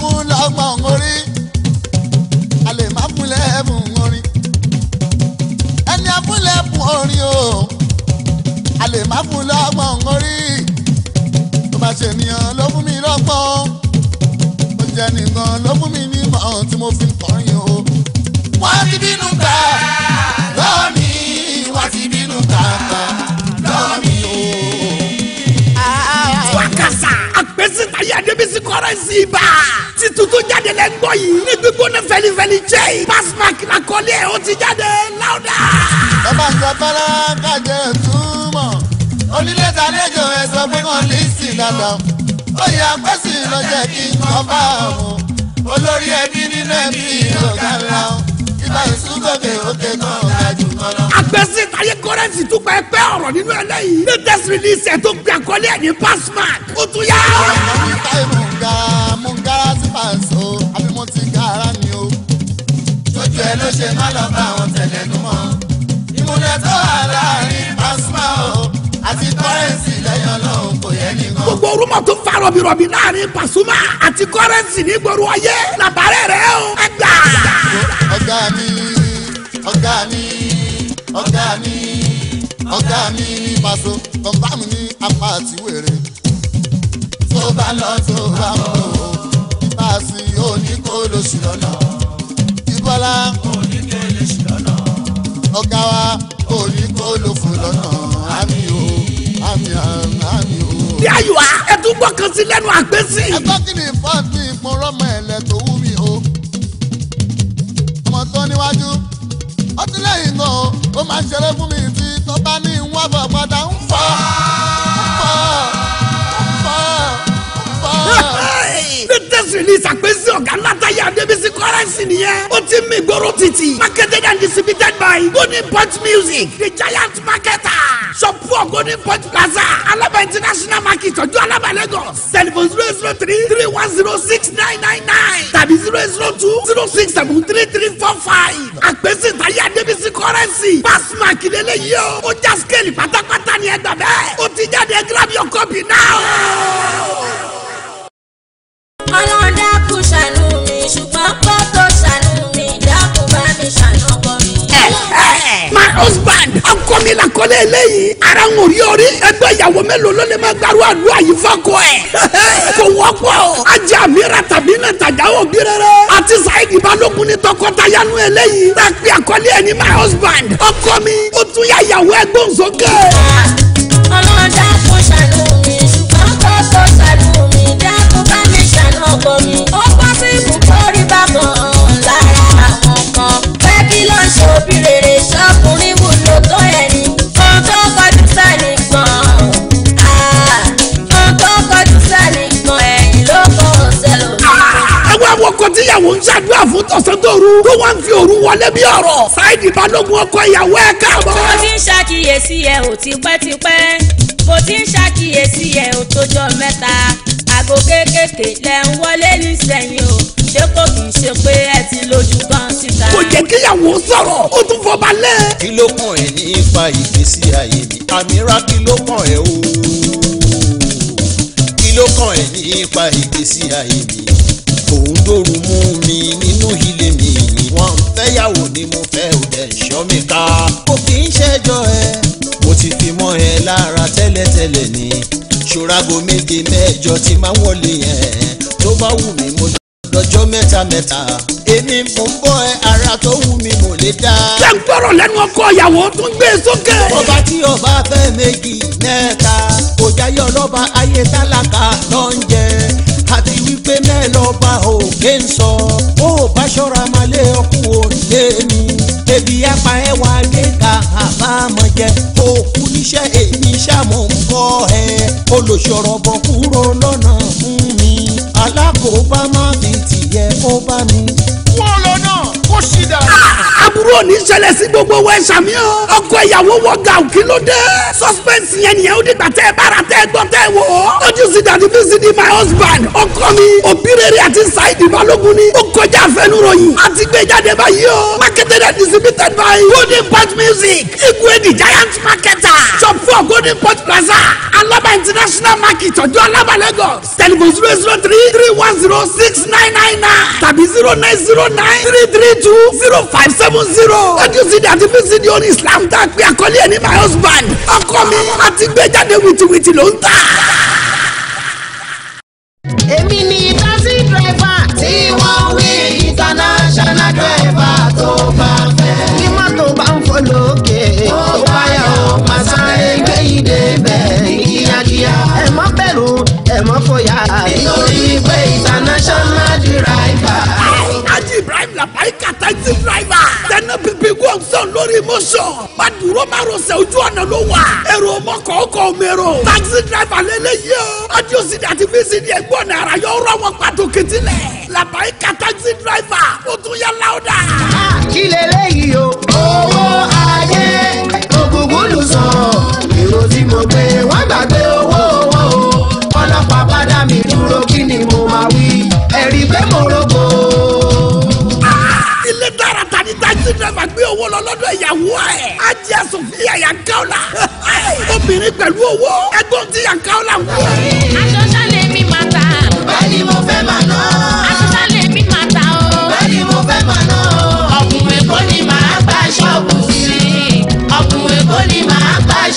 fún lọ́gbọ̀n orí a lè má fún lẹ́bùn orin ẹni a fún lẹ́bùn orin o a lè má fún lọ́gbọ̀n orí tó bá ṣe ènìyàn ló fún mi lọ́gbọ̀n ó jẹ́ nìkan ló fún mi ní mọ̀ tí mo fi kọrin o. wọ́n ti bínú gbà lọ́ọ̀ mi wọ́n ti bínú gbà lọ́ọ̀ mi o àṣà àpèsìtà yà débísí kọ́rẹ́ sí i bá. títú tó jáde lẹ gbọ́ yìí ní gbígbóná fẹlifẹli jẹ́ yìí. pasmark lakọ́lé ẹ̀ ó ti jáde láwùdà. bàbá sàfàlà kájẹ túmọ̀ onílé tàlejò ẹ sọ pé wọn lè sìn dáadáa ó yẹ apẹ́sì lọ́jẹ́ kí n kọ́ bá òun olórí ẹbí nínú ẹbí ọ̀gá rẹ̀ ọ́ àtìgbà ìsúgbòkè òkè kan ọ̀gájú kọ́lọ́. àgbẹ̀sí táyé kọ́rẹ́ǹsì tún gba ẹgbẹ́ ọ̀rọ̀ nínú ẹlẹ́yìí. latest release ẹ̀ tó gbé àkọlé ẹ̀ ní passman ó tún yá. àwọn ọmọ táyé mú ga mú gara sí pàṣẹ o àbí mo ti gara ni o. tójú ẹ ló ṣe má lọ bá àwọn tẹ̀lé nú mọ́. ìmúlẹ̀ tó wà láàrin passman o àti kọ́rẹ́ǹsì gbogbo rúmọ̀ tó fa rọ̀bìrọ̀bì láàrin Pasuma àti kọ́rẹ́nsì ní gbòòrò ayé làbárẹ̀ rẹ̀ o. ẹ ọ̀gá mi ọ̀gá mi ọ̀gá mi ọ̀gá mi ní Paso bàbá mi ní apá àti wèrè. tó bá lọ tó bá mọ̀ o ibà sí oníkó lóṣù lọ́nà ibọ́lá oníkó lóṣù lọ́nà ọ̀gá wa oníkó lóṣù lọ́nà àmì o àmì àwọn there you are. ẹ tún gbọ́kàn sí lẹ́nu àgbẹ̀sí. ẹ bá kí ni ìfọ́n mi mo rọ́mọ ẹ̀lẹ́ tó wú mi o. ọmọ tó níwájú ọtí lẹ́yìn náà ó máa ń ṣeré fún mi tí tó ní ìwọ́n bọ̀ padà ń fọ́. release àpèsè ọ̀gá látàyè àdébísí kọ́rẹ́sì nìyẹn. ó ti mì gbóró títì. marketed and distributed by golden point music the giant marketer. sọ̀pù ọ̀gọ́dún point plaza alaba international market ọjọ́ alaba lagos telephone zero zero three three one zero six nine nine nine tàbí zero zero two zero six seven three three four five. àpèsè tàyè àdébísí kọ́rẹ́sì. pàṣẹ àkìlélẹ̀ yìí o. ó já scale pátápátá ni ẹ gbà bẹ́ẹ̀. ó ti jáde grab your copy now husband ọkọ mi la kọ́lé eléyìí ara ń rí ọrí ẹgbẹ́ ìyàwó mélòó ló lè máa gbàrú àdúrà yìí fọ́kọ ẹ̀ kò wọ́pọ̀ ajá mi ra tàbí náà tàjà òbí rere àti Saheed Balógun ní tọkọtaya nu eléyìí tá a pe àkọ́lé ẹni my husband ọkọ mi ó tún yá ìyàwó ẹgbọ́n sókè. ọlọ́dà kò ṣàlùmí ṣùgbọ́n kò kò ṣàlùmí ọkọ mi. ó pọ́ sí ibùkórí bákan lára àwọn kan. pé kí ló ń ṣòbí rere ṣọkùnrin wúlò tó ẹni. ohun tó kọjú sẹ́ni kan. Ah, ohun tó kọjú sẹ́ni kan ẹ̀yìn ló kọ́ sẹ́lò. Ah, àwọn àwọn ọkọ tíyàwó ń ṣàdúrà fún tọ̀sán tóru tó wọ́n ń fi òru wọlé bí ọ̀rọ̀. Saidi Balógun ọkọ ìyàwó ẹ̀ káàbọ̀. mo ti ń ṣàkíyèsí ẹ̀ ò tipẹ́tipẹ́ mo ti ń ṣàkíyèsí ẹ̀ ò tójọ́ mẹ́ta aago kéékèèké lẹ ń wọlé nísẹ̀yìn o ṣé kò kì í ṣe pé ẹ ti lójú kan síta. kò jẹ́ kíyàwó sọ̀rọ̀ ó tún fọba lẹ́. kí ló kàn ẹ́ nípa ìgbésí ayé mi àmìrà kí ló kàn ẹ́ o kí ló kàn ẹ́ nípa ìgbésí ayé mi òun dòrú mú mi nínú ilé mi wọ́n fẹ́yàwó ni mo fẹ́ ò dẹ̀ ṣọ́ mi ká. kò kì í ṣẹjọ́ ẹ mo ti fi mọ́ ẹ lára tẹ́lẹ̀tẹ́lẹ̀ ni ṣòrago méje mẹ́jọ ti máa ń wọlé yẹn tó bá wù mí mo dọjọ́ mẹ́ta mẹ́ta èmi mò ń bọ́ ẹ ara tó wù mí mo lè dá. ṣé ń gbọ́rọ̀ lẹ́nu ọkọ ìyàwó tó ń gbé e sókè. ọba tí ọba fẹ́ méjì mẹ́ta kò jáyọ̀ lọ́ba ayé tálákà lọ́njẹ àti wípé mẹ́lọ́ba òkè ń sọ ó bá ṣọ́ra máa lé ọkùn òlé mi ebi apá ẹ wá lé ka àbámọ̀ jẹ òkú níṣẹ́ èmi ṣàmùkọ́ ẹ olùṣọ̀rọ̀ bọ̀ kúrò lọ́nà fún mi alákòóbá má fi tìyẹ kó bá mi irú òní ṣẹlẹ̀ sí gbogbo wa ẹ̀ṣà mi o. ọkọ ìyàwó wọ ga òkè ló dé. suspense yẹn nìyẹn ó dìgbà tẹ́ ẹ bára tẹ́ ẹ gbọ́ tẹ́ ẹ wò ó. ojú sí dàdí bí sídi my husband ọkọ mi òbírèrè àti saidi balógun ni. ó kọjá àfẹnuròyìn àti gbéjáde báyìí o. marketed and distributed by golden pot music igwe the giant marketer shop for golden pot plaza alaba international market ọjọ́ alaba lagos telephone zero zero three three one zero six nine nine nine tàbí zero nine zero nine three three two zero five seven zero zero. Ojú ti dàtí fún sídìí orí Islam tá a pè àkọlé ẹ̀ ní my husband. Ọkọ mi àti gbé jáde wìtìwìtì ló ń tà. bíbí gọ́ọ̀sán lórí mọ́ṣọ̀ maduro márosẹ̀ ojú ọ̀nà ló wà. èrò mọ́kọ̀ọ́kọ̀ mẹ́rọ. taxi driver lélẹ́yìí o. audio cd àti vcd ẹ̀gbọ́n ní ara yọ ọ̀rọ̀ wọn pàtó kìtìlẹ̀. làbáyíká taxi driver ó tún yá láwùdà. kí lélẹ́yìí o. owó ayé ògùngùn lù sọ èrò tí mo gbé wọn gbàgbé owó owó ọlọ́pàá bá dá mi dúró kí ni mo máa wí ẹ̀rí pé mo rògbò tákísì dírẹ́fà gbé owó lọ lọ́dọ̀ ìyàwó ẹ̀ á jẹ́ sòfin yàyà káọ́là obìnrin pẹ̀lú owó ẹgbẹ́ ti yà káọ́là wọ. aṣọ ṣálẹ̀ mi máa ta. bẹ́ẹ̀ ni mo fẹ́ máa ná. aṣọ ṣálẹ̀ mi máa ta o. bẹ́ẹ̀ ni mo fẹ́ máa ná. ọkùnrin kò ní máa gba ṣọ́ọ̀bù sí i ọkùnrin kò ní gba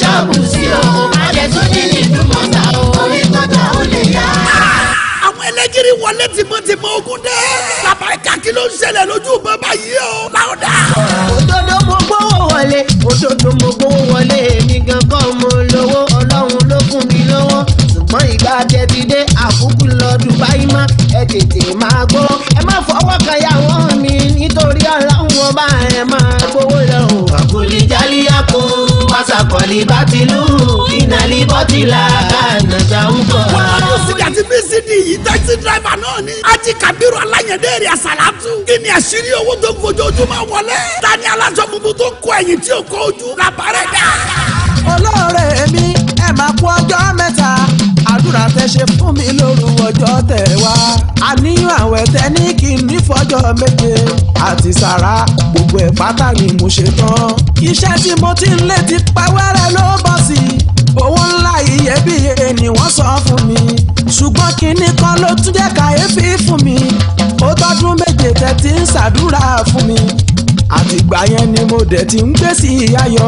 ṣọ́ọ̀bù sí i o. àjẹsùn kiri wọlé tìmọ̀tìmọ̀ ogun dẹ́. bàbá ìkàkí ló ń ṣẹlẹ̀ lójú bàbá yìí o. láwùdà. òdodo mo gbówó wọlé òdodo mo gbówó wọlé èmi gan kọ́ mo lówó ọlọ́run ló fún mi lówó ṣùgbọ́n ìgbà tẹ́tí dé àkókò lọ Dubai má ẹ tètè máa gbọ́ ẹ má fọwọ́ kan yà wàlíbátìlú ìnàlíbọ́tìlà ànàtàwùkọ̀. wọ́n á lọ sí àti bcd yìí taxi driver náà ni. ají kabiru alayande èrè àsàlátù. kí ni àṣírí owó tó ń fojoojúmọ́ wọlé. tani alájọ gbogbo tó ń kọ ẹ̀yìn tí ò kọ ojú. làbárẹ̀ dá. olóore mi ẹ̀ máa kú ọjọ́ mẹ́ta àdúrà tẹ ṣe fún mi lóru ọjọ́ tẹ̀ wá. àníyàn àwẹ̀ tẹ ní kí n nífọ̀jọ́ méje àti sàrà gbogbo ẹ̀ pátá ni mo ṣe tán. iṣẹ́ tí mo ti ń lé ti pa wẹ́rẹ́ ló bọ́ sí i. owó ńlá iyebíye ni wọ́n sọ fún mi. ṣùgbọ́n kinní kan ló tún jẹ́ kàyéfì fún mi. ó tọ́dún méje tẹ ti ń ṣàdúrà fún mi àtìgbà yẹn ni mo dẹ̀ ti ń gbé sí ìyá yọ.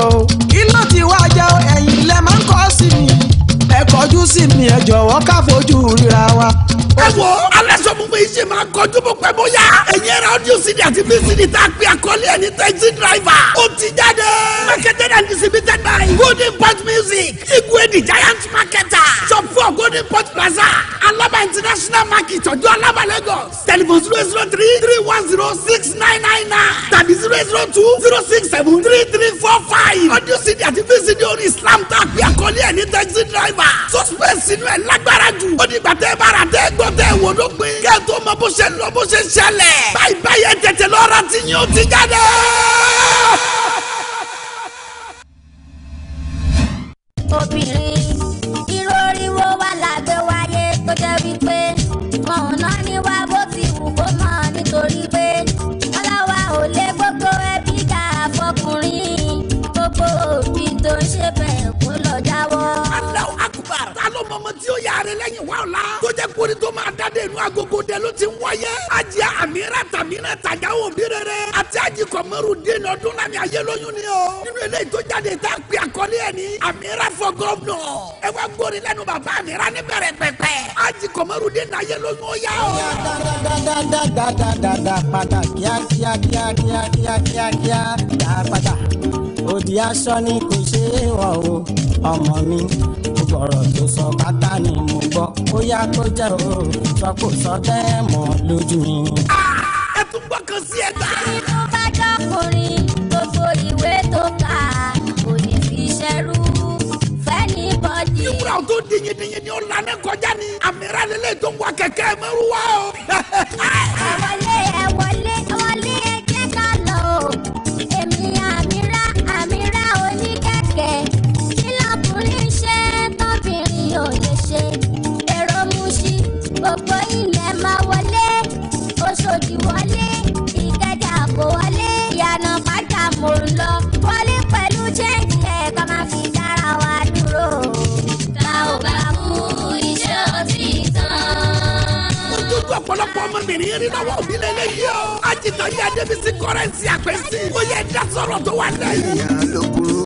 kí ló ti wá jẹ́ ẹ̀yìn lẹ máa ń kọ́ sí mi ẹ kọjú sí mi ẹ jọ̀wọ́ ká fojú ríra wa. ẹ wo alẹ́ sọ fún mi ṣe máa kọjú bó pẹ́ bóyá ẹ̀yin ẹ̀rọ audio cd àti vcd tá a pè àkọlé ẹni taxi driver ó ti jáde. marketed and distributed by golden port music igwe the giant marketer shop four golden port plaza alaba international market ọjọ́ alaba lagos telephone zero zero three three one zero six nine nine nine tàbí zero zero two zero six seven three three four five audio cd àti vcd orí islam tá a pè àkọlé ẹni taxi driver wà. suspense inú ẹ̀ lágbára jù. ó ní gbàtẹ́ bára tẹ́ gbọ́ tẹ́ wò ló pin. kẹ́ ẹ tó mọ bó ṣe lọ bó ṣe ṣẹlẹ̀. báyìí báyìí ẹ tètè lọ́ra tí yóò ti jáde. obìnrin ọmọ tí ó yàrá lẹ́yìn wa ọ̀la tó jẹ́ kórè tó máa dá dẹnu agogo dẹ ló ti ń wáyé àjẹ́ àmìrà tàmínà tàjà òbí rere àti àjì kọ̀mọ́rù dènà ọdún lámì ayé lóyún ni o nínú eléyìí tó jáde tá a pè àkọlé ẹ̀ ní àmìrà fọ gọ́ọ̀nà ẹ wá gbórí lẹ́nu bàbá àmìrà ní bẹ̀rẹ̀ pẹ̀pẹ̀ àjì kọ̀mọ́rù dènà ayé lóyún ó yá o. dáadáa padà kíákíá kíákíá kíákíá kíá dáa padà òdì aṣọ ni kò ṣe é wọ̀ o ọmọ mi gbogbo tó sọ pátá ni mo gbọ́ ó yá kó jẹ́ o sọ kò sọ bẹ́ẹ̀ mọ́ lójú mi. Ah! ẹ tún gbọ́kàn sí ẹ gbà. bá dọ́kùnrin gbogbo ìwé tó kà kò ní fi ṣẹ́rú fẹ́ni bọ́dì. ìwúrà tó dìnyìndìnyìn ni ó kọjá ni àmì ìrànlélẹ́ tó ń wa kẹ̀kẹ́ mẹ́rù wá o. ògbó ilẹ̀ máa wọlé oṣòdì wọlé ìkẹjà kò wọlé ìyànà pátá mò ń lọ wọlé pẹ̀lú chẹ́ǹjì ẹ̀ ká máa fi dára wa dúró. tá ò bá mú iṣẹ́ ọtí tán. ojoojú ọ̀pọ̀lọpọ̀ ọmọbìnrin rí lọ́wọ́ òbí lélẹ́yìí o. ajitan adébísí kọ́rẹ́ǹsì àpẹ́sì. ó yẹ dá sọ̀rọ̀ tó wà lẹ́yìn. ìyá ló kúrò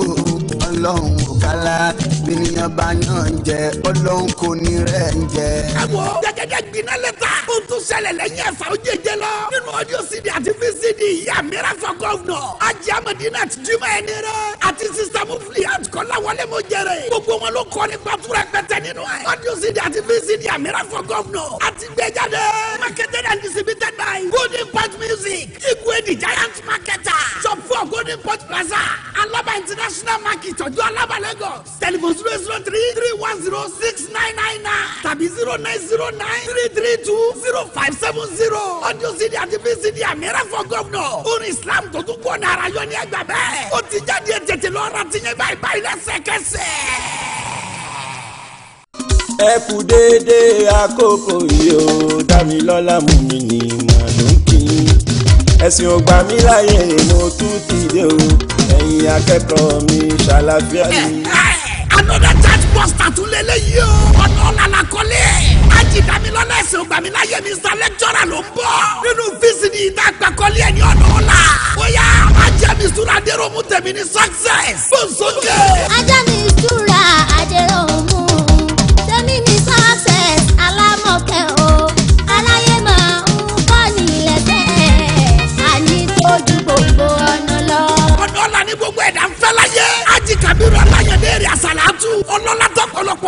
ọlọ́run kálá bíníyàn bá yàn jẹ ọlọ́run kò ní rẹ̀ ń jẹ. àwọ̀ jẹ́gẹ́dẹ́ gbiná lẹ́ta ó tún ṣẹlẹ̀ lẹ́yìn ẹ̀fà ó jẹjẹ lọ nínú ọdún cd àti vcd ìyá mẹ́ra fọ gọ́vnọ̀ ajé amadina àti jimá ẹni rẹ àti sista mufili àtikọ́lá mo jẹrẹ gbogbo wọn ló kọ́ ní gbàtúrà pẹ́tẹ́ nínú ẹ̀ ọdún cd àti vcd àmẹ́ra fọ gọ́vnọ̀ àti gbẹjáde marketed and distributed by golden pot music igwe di giant marketer shop for golden pot plaza alaba international market ọjọ́ alaba lagos telephone zero three three one zero six nine nine nine tàbí zero nine zero nine three three two zero five seven zero audio cd àti vcd àmẹ́rẹ́ fọ gọ́vnọ̀ orin islam tó tún kọ́ nara yọ ní ẹgbà bẹ́ẹ̀ ó ti jáde tètè lọ́ra tiyẹn báyìí báyìí lẹ́sẹ̀kẹsẹ̀. ẹ kú déédéé àkókò yìí ó dámilọ́lá mú mi ní màlúùkì ẹ̀sìn ò gbà mí láyè mo tún ti dé o ẹ̀yin akẹ́kọ̀ọ́ mi ṣàlàfíà ni. Eh, ah, another church poster tún lé léyìí o. ọ̀nà ọ̀làlà kọ́lé. ajìdámilọ́lá ẹ̀sìn ògbàmiláyé Mr. lecturer ló ń bọ̀. nínú fíìsì ni ìta àgbàkọ́lé ẹni ọ̀nà ọ̀la. bóyá ajá mi ìṣúra dérò mú tèmi ní success. bó ń sókè. ajá mi ìṣúra.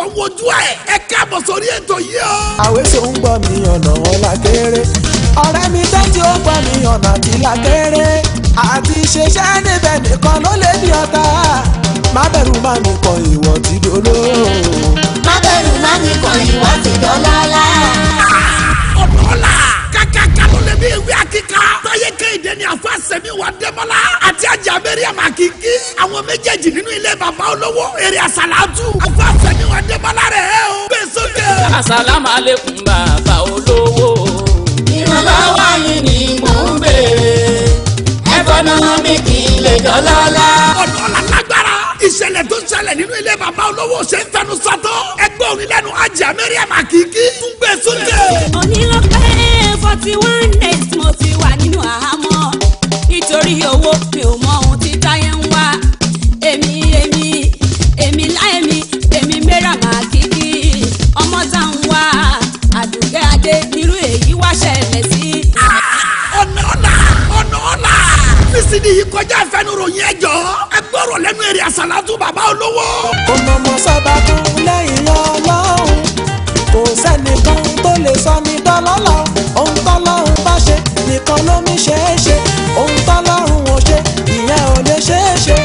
ọ̀pọ̀lọpọ̀ ń wojú ẹ̀ ẹ káàbọ̀ sórí ètò yìí o. àwẹ̀sọ ń gbọ́ mi ọ̀nà ọ̀la kéré ọ̀rẹ́ mi dájú ó gbọ́ mi ọ̀nà àbílà kéré àti ṣeṣẹ́ níbẹ̀ nìkan ló lè ní ọ̀tá má bẹ̀rù má mi kọ ìwọ ti dolóò. má bẹ̀rù má mi kọ ìwọ ti dolóò. Kẹ́hìndé ni àfa Sẹ̀mí wà Dẹ́mọ́lá àti ajá Mẹ́ríam Àkìkí. Àwọn méjèèjì nínú ilé bàbá olówó èrè àsàlátù. Àfa Sẹ̀mí wà Dẹ́mọ́lá rẹ̀ ẹ́ o. Gbé sókè. Àsàlámàlẹ́kùn bàbá olówó. Ìrànlọ́wọ́ yìí ni mò ń béèrè. Ẹ fọ́nà mi kì í lè dọ́lọ́lá. Ọ̀dọ́ làlágbára ìṣẹ̀lẹ̀ tó ń ṣẹlẹ̀ nínú ilé bàbá olówó ṣe ń fẹnu sọ́tọ̀. Ẹgbẹ́ òní lẹ́nu ajá Mẹ́ríam forty one days mo ti wà nínú àhámọ́ nítorí owó mi ò mọ ohun tí táyé ń wá èmi èmi èmi láèmi èmi mẹ́ra màá kíkì ọmọ tá ń wá àdùkẹ́ adé nírú èyí wá ṣẹlẹ̀ sí. ọ̀nà ọ̀la ọ̀nà ọ̀la fisi ni yìí kọjá ìfẹnuròyìn ẹjọ́ ẹgbẹ́ ọ̀rọ̀ lẹ́nu èrè àṣàlátú bàbá olówó. ọmọ ọmọ sábà tún lẹ́yìn ọlọ́run. nìkan ló mi ṣeé ṣe ohun tọ́lọ́run ò ṣe ìyẹn ò lè ṣeé ṣe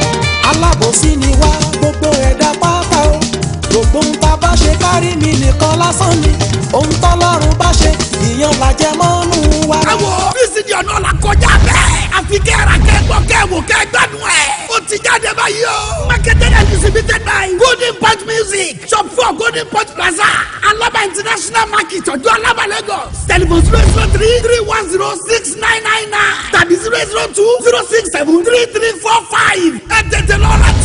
alábòsí ni wá gbogbo ẹ̀dá pátá o gbogbo ń ta bá ṣe kárí mi nìkan lásán ni ohun tọ́lọ́run bá ṣe ìyẹn làjẹ mọ́nú wa. ẹ wo bísí di ọ̀nà ọ̀la kọjá bẹ́ẹ̀ àfi kẹ́ra kẹ́gbọ́ kẹ́wò kẹ́gbẹ́nu ẹ̀ ti jáde báyìí o. marketed and distributed by golden port music shop four golden port plaza alaba international market ọjọ́ alaba lagos telephone zero zero three three one zero six nine nine nine tàbí zero zero two zero six seven three three four five ẹ tètè lọ́ra.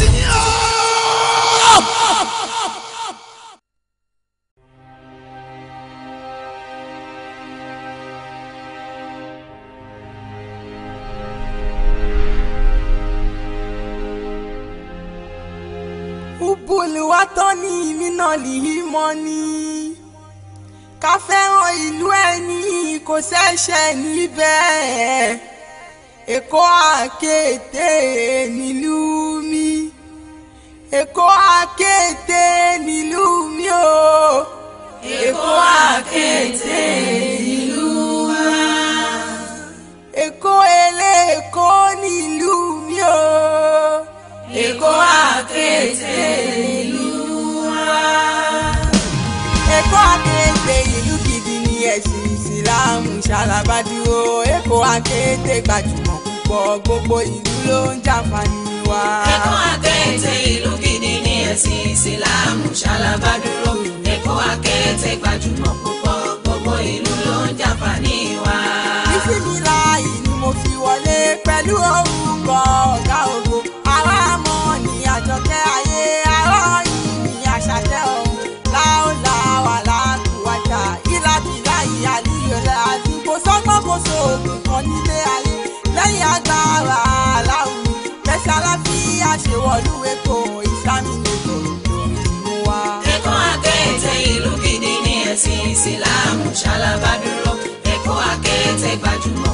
lìhí mọ́ ni ká fẹ́ràn ìlú ẹni kò ṣẹ̀ṣẹ̀ níbẹ̀ èkó àkété nílùú mi èkó àkété nílùú mi o. èkó àkété nílùú wa. èkó eléèkó nílùú mi o. èkó àkété nílùú mi. ṣàlàbàdì o èkó akéde gbajúmọ̀ púpọ̀ gbogbo ìlú ló ń jàǹfààní wa. ẹ̀kọ́ akẹ́tẹ̀ ìlú gidi ní ẹ̀sìn ìsìláàmù ṣàlàbàdúró ẹ̀kọ́ akẹ́tẹ̀ gbajúmọ̀ púpọ̀ gbogbo ìlú ló ń jàǹfààní wa. ìfìlú la ìlú mo fi wọlé pẹ̀lú ọmọ. ṣe wọlú èkó ìsámi lòdò lórí mú wa. èkó akẹ́tẹ̀ ìlú gidi gbajúmọ̀.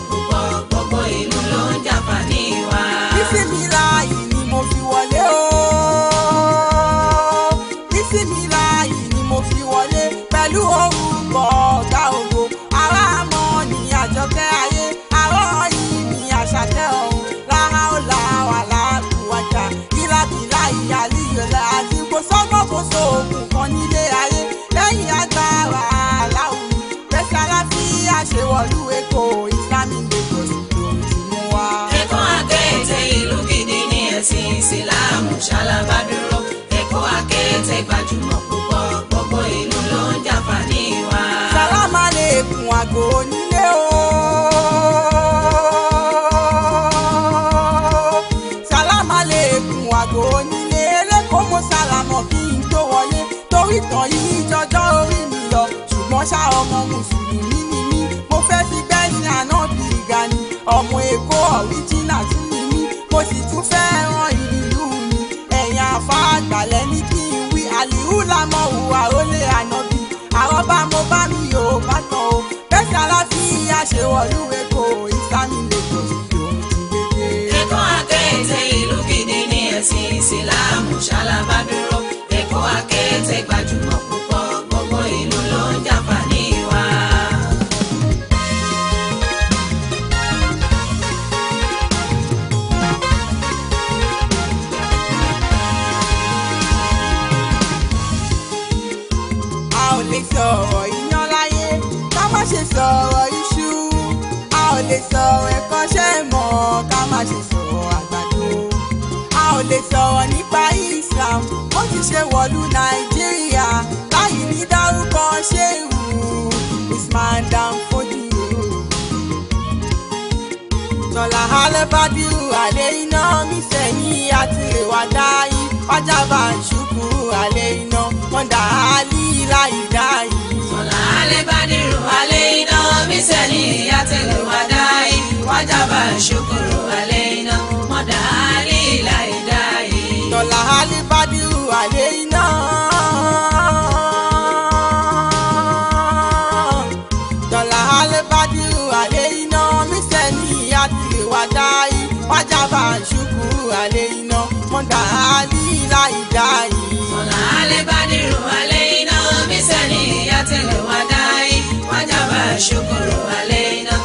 alẹ́ iná wọ́n dà á ní ilá ìdá yìí. sọ̀lá alẹ́ bá dìrò alẹ́ iná bí sẹ́ni ìyá tẹ̀lé wá dá yìí wájà bá ṣokòrò alẹ́ iná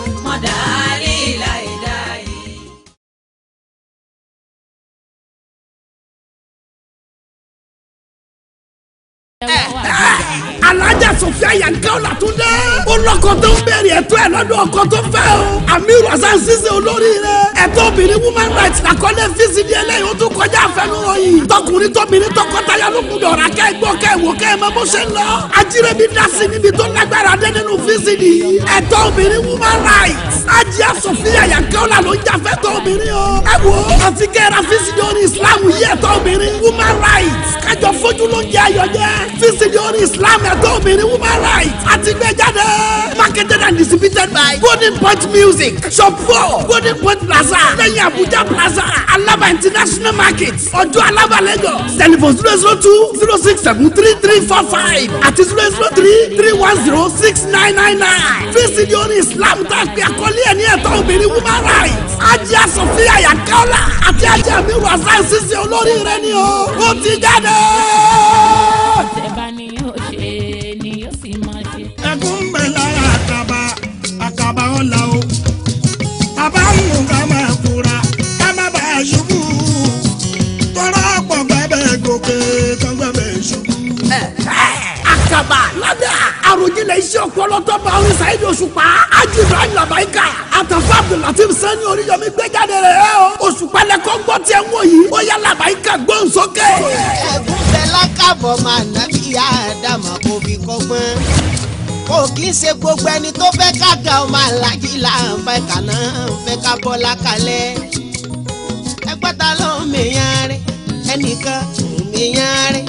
alájà sofia yankawo latunde ó lọkọ tó ń bèrè ẹ̀tọ́ ẹ̀ lọ́dọ̀ ọkọ tó fẹ́ o àmì rọ̀ṣán ṣíṣe olórí rẹ ẹ̀tọ́ obìnrin woman rights làkọ́lé fcd eléyìí ó tún kọjá àfẹnuròyìn tọkùnrin tóbìnrin tọkọtaya lókùnrin ọ̀rá kẹ́gbọ́ kẹ́wò kẹ́mọ bó ṣe lọ ajírẹ́bí dasi níbi tó lágbára dé nínú fcd ẹ̀tọ́ obìnrin woman rights ajá sofia yankawo la ló ń jà fẹ́tọ́ obìnrin o ẹ wo ọtí kẹ́ra fcd orin islam yí ẹ̀tọ́ obìnrin woman rights kájọ fojú ló ń jẹ ayọ̀ jẹ islam ẹ̀tọ́ obìnrin woman rights àti gbé jáde. marketed and distributed by golden point music shop four golden point plaza lẹ́yìn abuja plaza alaba international market ọjọ́ alaba lagos telephone zero zero two zero six seven three three four five àti zero zero three three one zero six nine nine nine fèsì ni orin islam tá a pè àkọlé ẹ̀ ní ẹ̀tọ́ obìnrin woman rights ajé asòfin àyàkáwọ́lá àti ajé àmì wàsáì ṣíṣe olórí rẹ ni o ó ti jáde. bá ń mú ká máa kúra ká má bàa ṣubú tọ́lá pọ̀ gbẹ́bẹ́ gòkè tán gbẹ́bẹ́ ṣubú. àkàbà ládà àròjìnlẹ̀ iṣẹ́ ọpọlọ tó bá orin Saheed Òṣùpá àjùbọ̀ àlàbáyíkà àtàfà Abdulateef Sani Oríyọmí gbẹ́jáde rẹ̀ o Òṣùpá lẹ́kọ́ gbọ́ tiẹ̀ ń wò yìí ó yá làbáyíkà gbọ́n sókè. ẹ̀gúnfẹ́ lákàbọ̀ máa nàbíyá àdàmà kò fi kọ́gbọ́n kò kí ń ṣe gbogbo ẹni tó fẹ́ ká ga ọmọ aláàjì là ń fẹ́ kàná ń fẹ́ ká bọ́ lákàlẹ̀ ẹgbẹ́ ta ló ń mèyàn rẹ̀ ẹnìkan ń mèyàn rẹ̀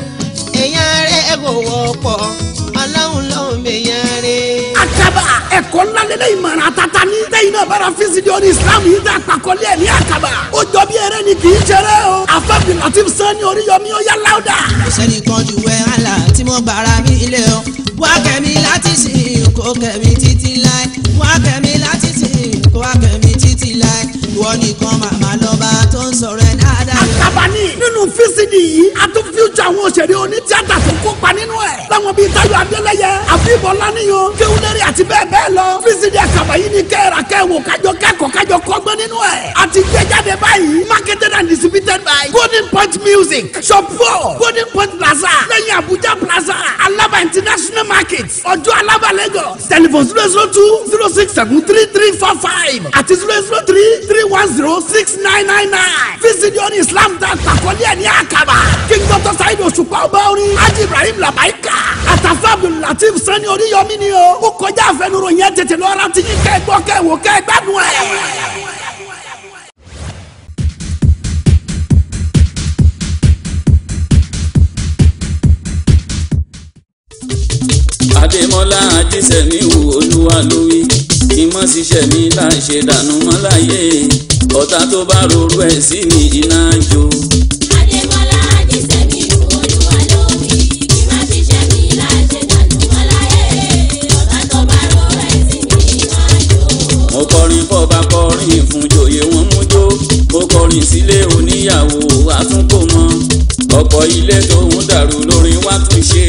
èyàn rẹ̀ kò wọ́pọ̀ ọlọ́run ló ń mèyàn rẹ̀. àtàbà ẹ̀kọ́ ńlá lélẹ́ ìmọ̀ràn àtàtà ní. lẹ́yìn náà bára fisidi orí islam yìí dá àpàkọ́lé ẹ̀ ní àtàbà. ó jọ bí eré ni kì í ṣeré o. àfẹ́bí latif sani oríyọmí ó yá láwùdà. kò sẹ́ni kan tíátà tó kópa nínú ẹ̀. láwọn bíi Táyọ̀ Adélẹ́yẹ àfihàn lánìyàn kéwúlẹ́rì àti bẹ́ẹ̀ bẹ́ẹ̀ lọ. fisi kaba yìí ni kẹ́ra kẹ́wò kájọ kẹ́kọ̀ọ́ kájọ kọ́gbọ́n nínú ẹ̀. a ti gbé jáde báyìí. marketed and distributed by golden point music shop four golden point plaza lẹ́yìn abuja plaza alaba international market ọjọ́ alaba lagos telephone zero zero two zero six seven three three four five àti zero zero three three one zero six nine nine nine visit your islam dance àkọlé ẹ̀ ní àkàbà King Doctor gbọ́dọ̀ sáyid òṣùpá ọba orin hajj ibrahim labaika àtàfà abdul latif sani oríyọmí ni o ó kọjá àfẹnuro yẹn tètè lọ́ra ti yìí kẹ́ gbọ́ kẹ́ wò kẹ́ gbádùn ẹ̀. adémọlá ajísẹmí wo olúwa lórí kí mọ ṣiṣẹ́ mọ láyé ọ̀tá tó bá rorú ẹ̀ sí ni iná jó. kọrin sílé oníyàwó àtúnkò mọ́ ọ̀pọ̀ ilé tóun dàrú lórin wá tún ṣe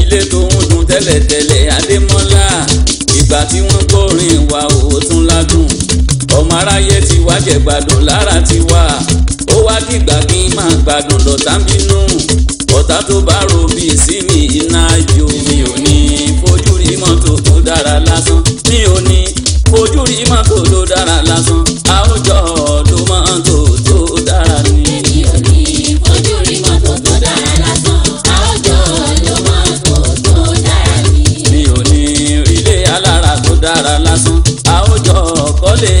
ilé tóun dùn tẹ́lẹ̀tẹ́lẹ̀ adémọ́lá ìgbà tí wọ́n gbọ́rin wa ò tún ládùn ọmọ aráyé ti wá jẹ̀gbádùn lára ti wá ó wá dìgbà kí n máa gbádùn lọ́tà ń bínú ọ̀tá tó bá ro bí sí mi iná ayò mi ò ní fojú rí mọ́tò tó dára lásán mi ò ní fojú rí mọ́tò tó dára lásán àwùjọ. kọ́lé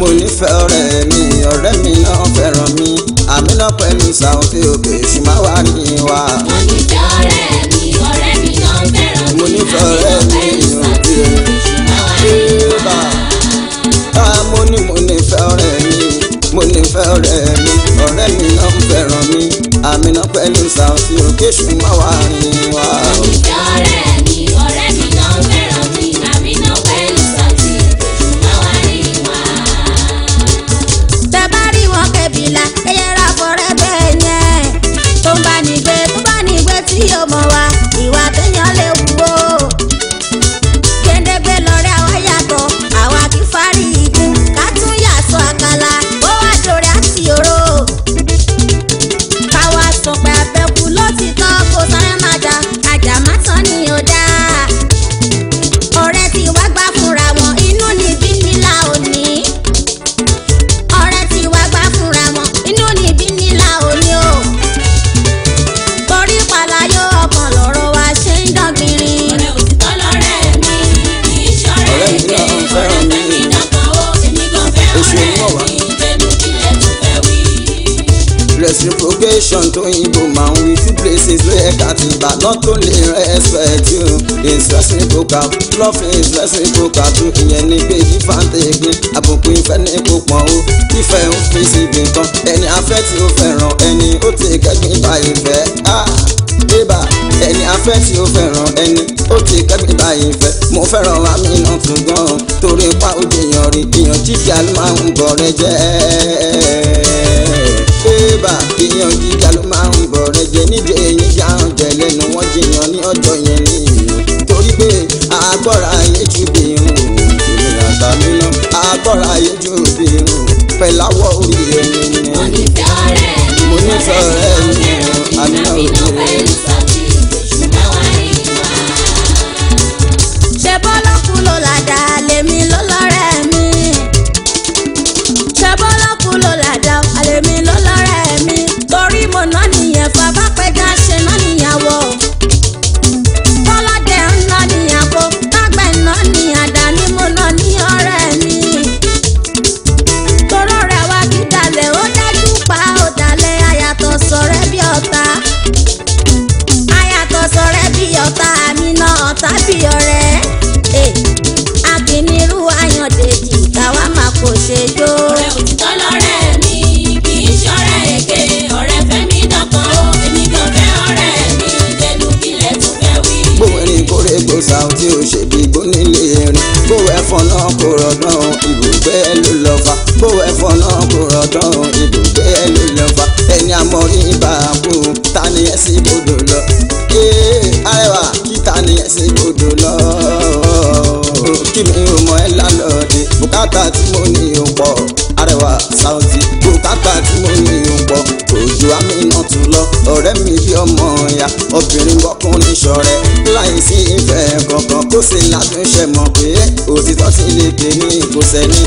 mo nífẹ̀ẹ́ ọ̀rẹ́ mi ọ̀rẹ́ mi náà fẹ́ràn mi àmì náà pẹ̀lú Saoty Operey sì máa wà ní wa. mo nífẹ̀ẹ́ ọ̀rẹ́ mi ọ̀rẹ́ mi náà fẹ́ràn mi mo nífẹ̀ẹ́ ọ̀rẹ́ mi ọ̀rẹ́ mi sì máa wà ní wa. Ah, mo ní mo nífẹ̀ẹ́ ọ̀rẹ́ mi mo nífẹ̀ẹ́ ọ̀rẹ́ mi ọ̀rẹ́ mi náà fẹ́ràn mi àmì náà pẹ̀lú Saoty Operey sì máa wà ní wa. mo nífẹ̀ẹ́ ọ̀rẹ́ mi. kà love is blessing kò kà tún ìyẹn ní pé fífà ń tẹ̀gbìn àbùkù ìfẹ́ ní kò pọ̀n o fífẹ́ ń fi síbi nǹkan ẹni afẹ́ tí ó fẹ́ràn ẹni ó ti kẹ́gbìn bá ìfẹ́ á ah, bébà ẹni afẹ́ tí ó fẹ́ràn ẹni ó ti kẹ́gbìn bá ìfẹ́ mo fẹ́ràn àmì tún gan torí pa òde èèyàn rí èèyàn jíjà ló máa ń bọ̀ rẹ jẹ́ bébà èèyàn jíjà ló máa ń bọ̀ rẹ jẹ́ níbi èyí já ń jẹ lẹ́nu wọ́n jiyàn ní ọjọ́ yẹn agbọ́ra ayé ju bí irun ìrìn àgbà mímọ́ agbọ́ra ayé ju bí irun pẹ̀láwọ̀ òye ni mo nífẹ̀ẹ́ rẹ̀ ni àmì náà òye rẹ̀.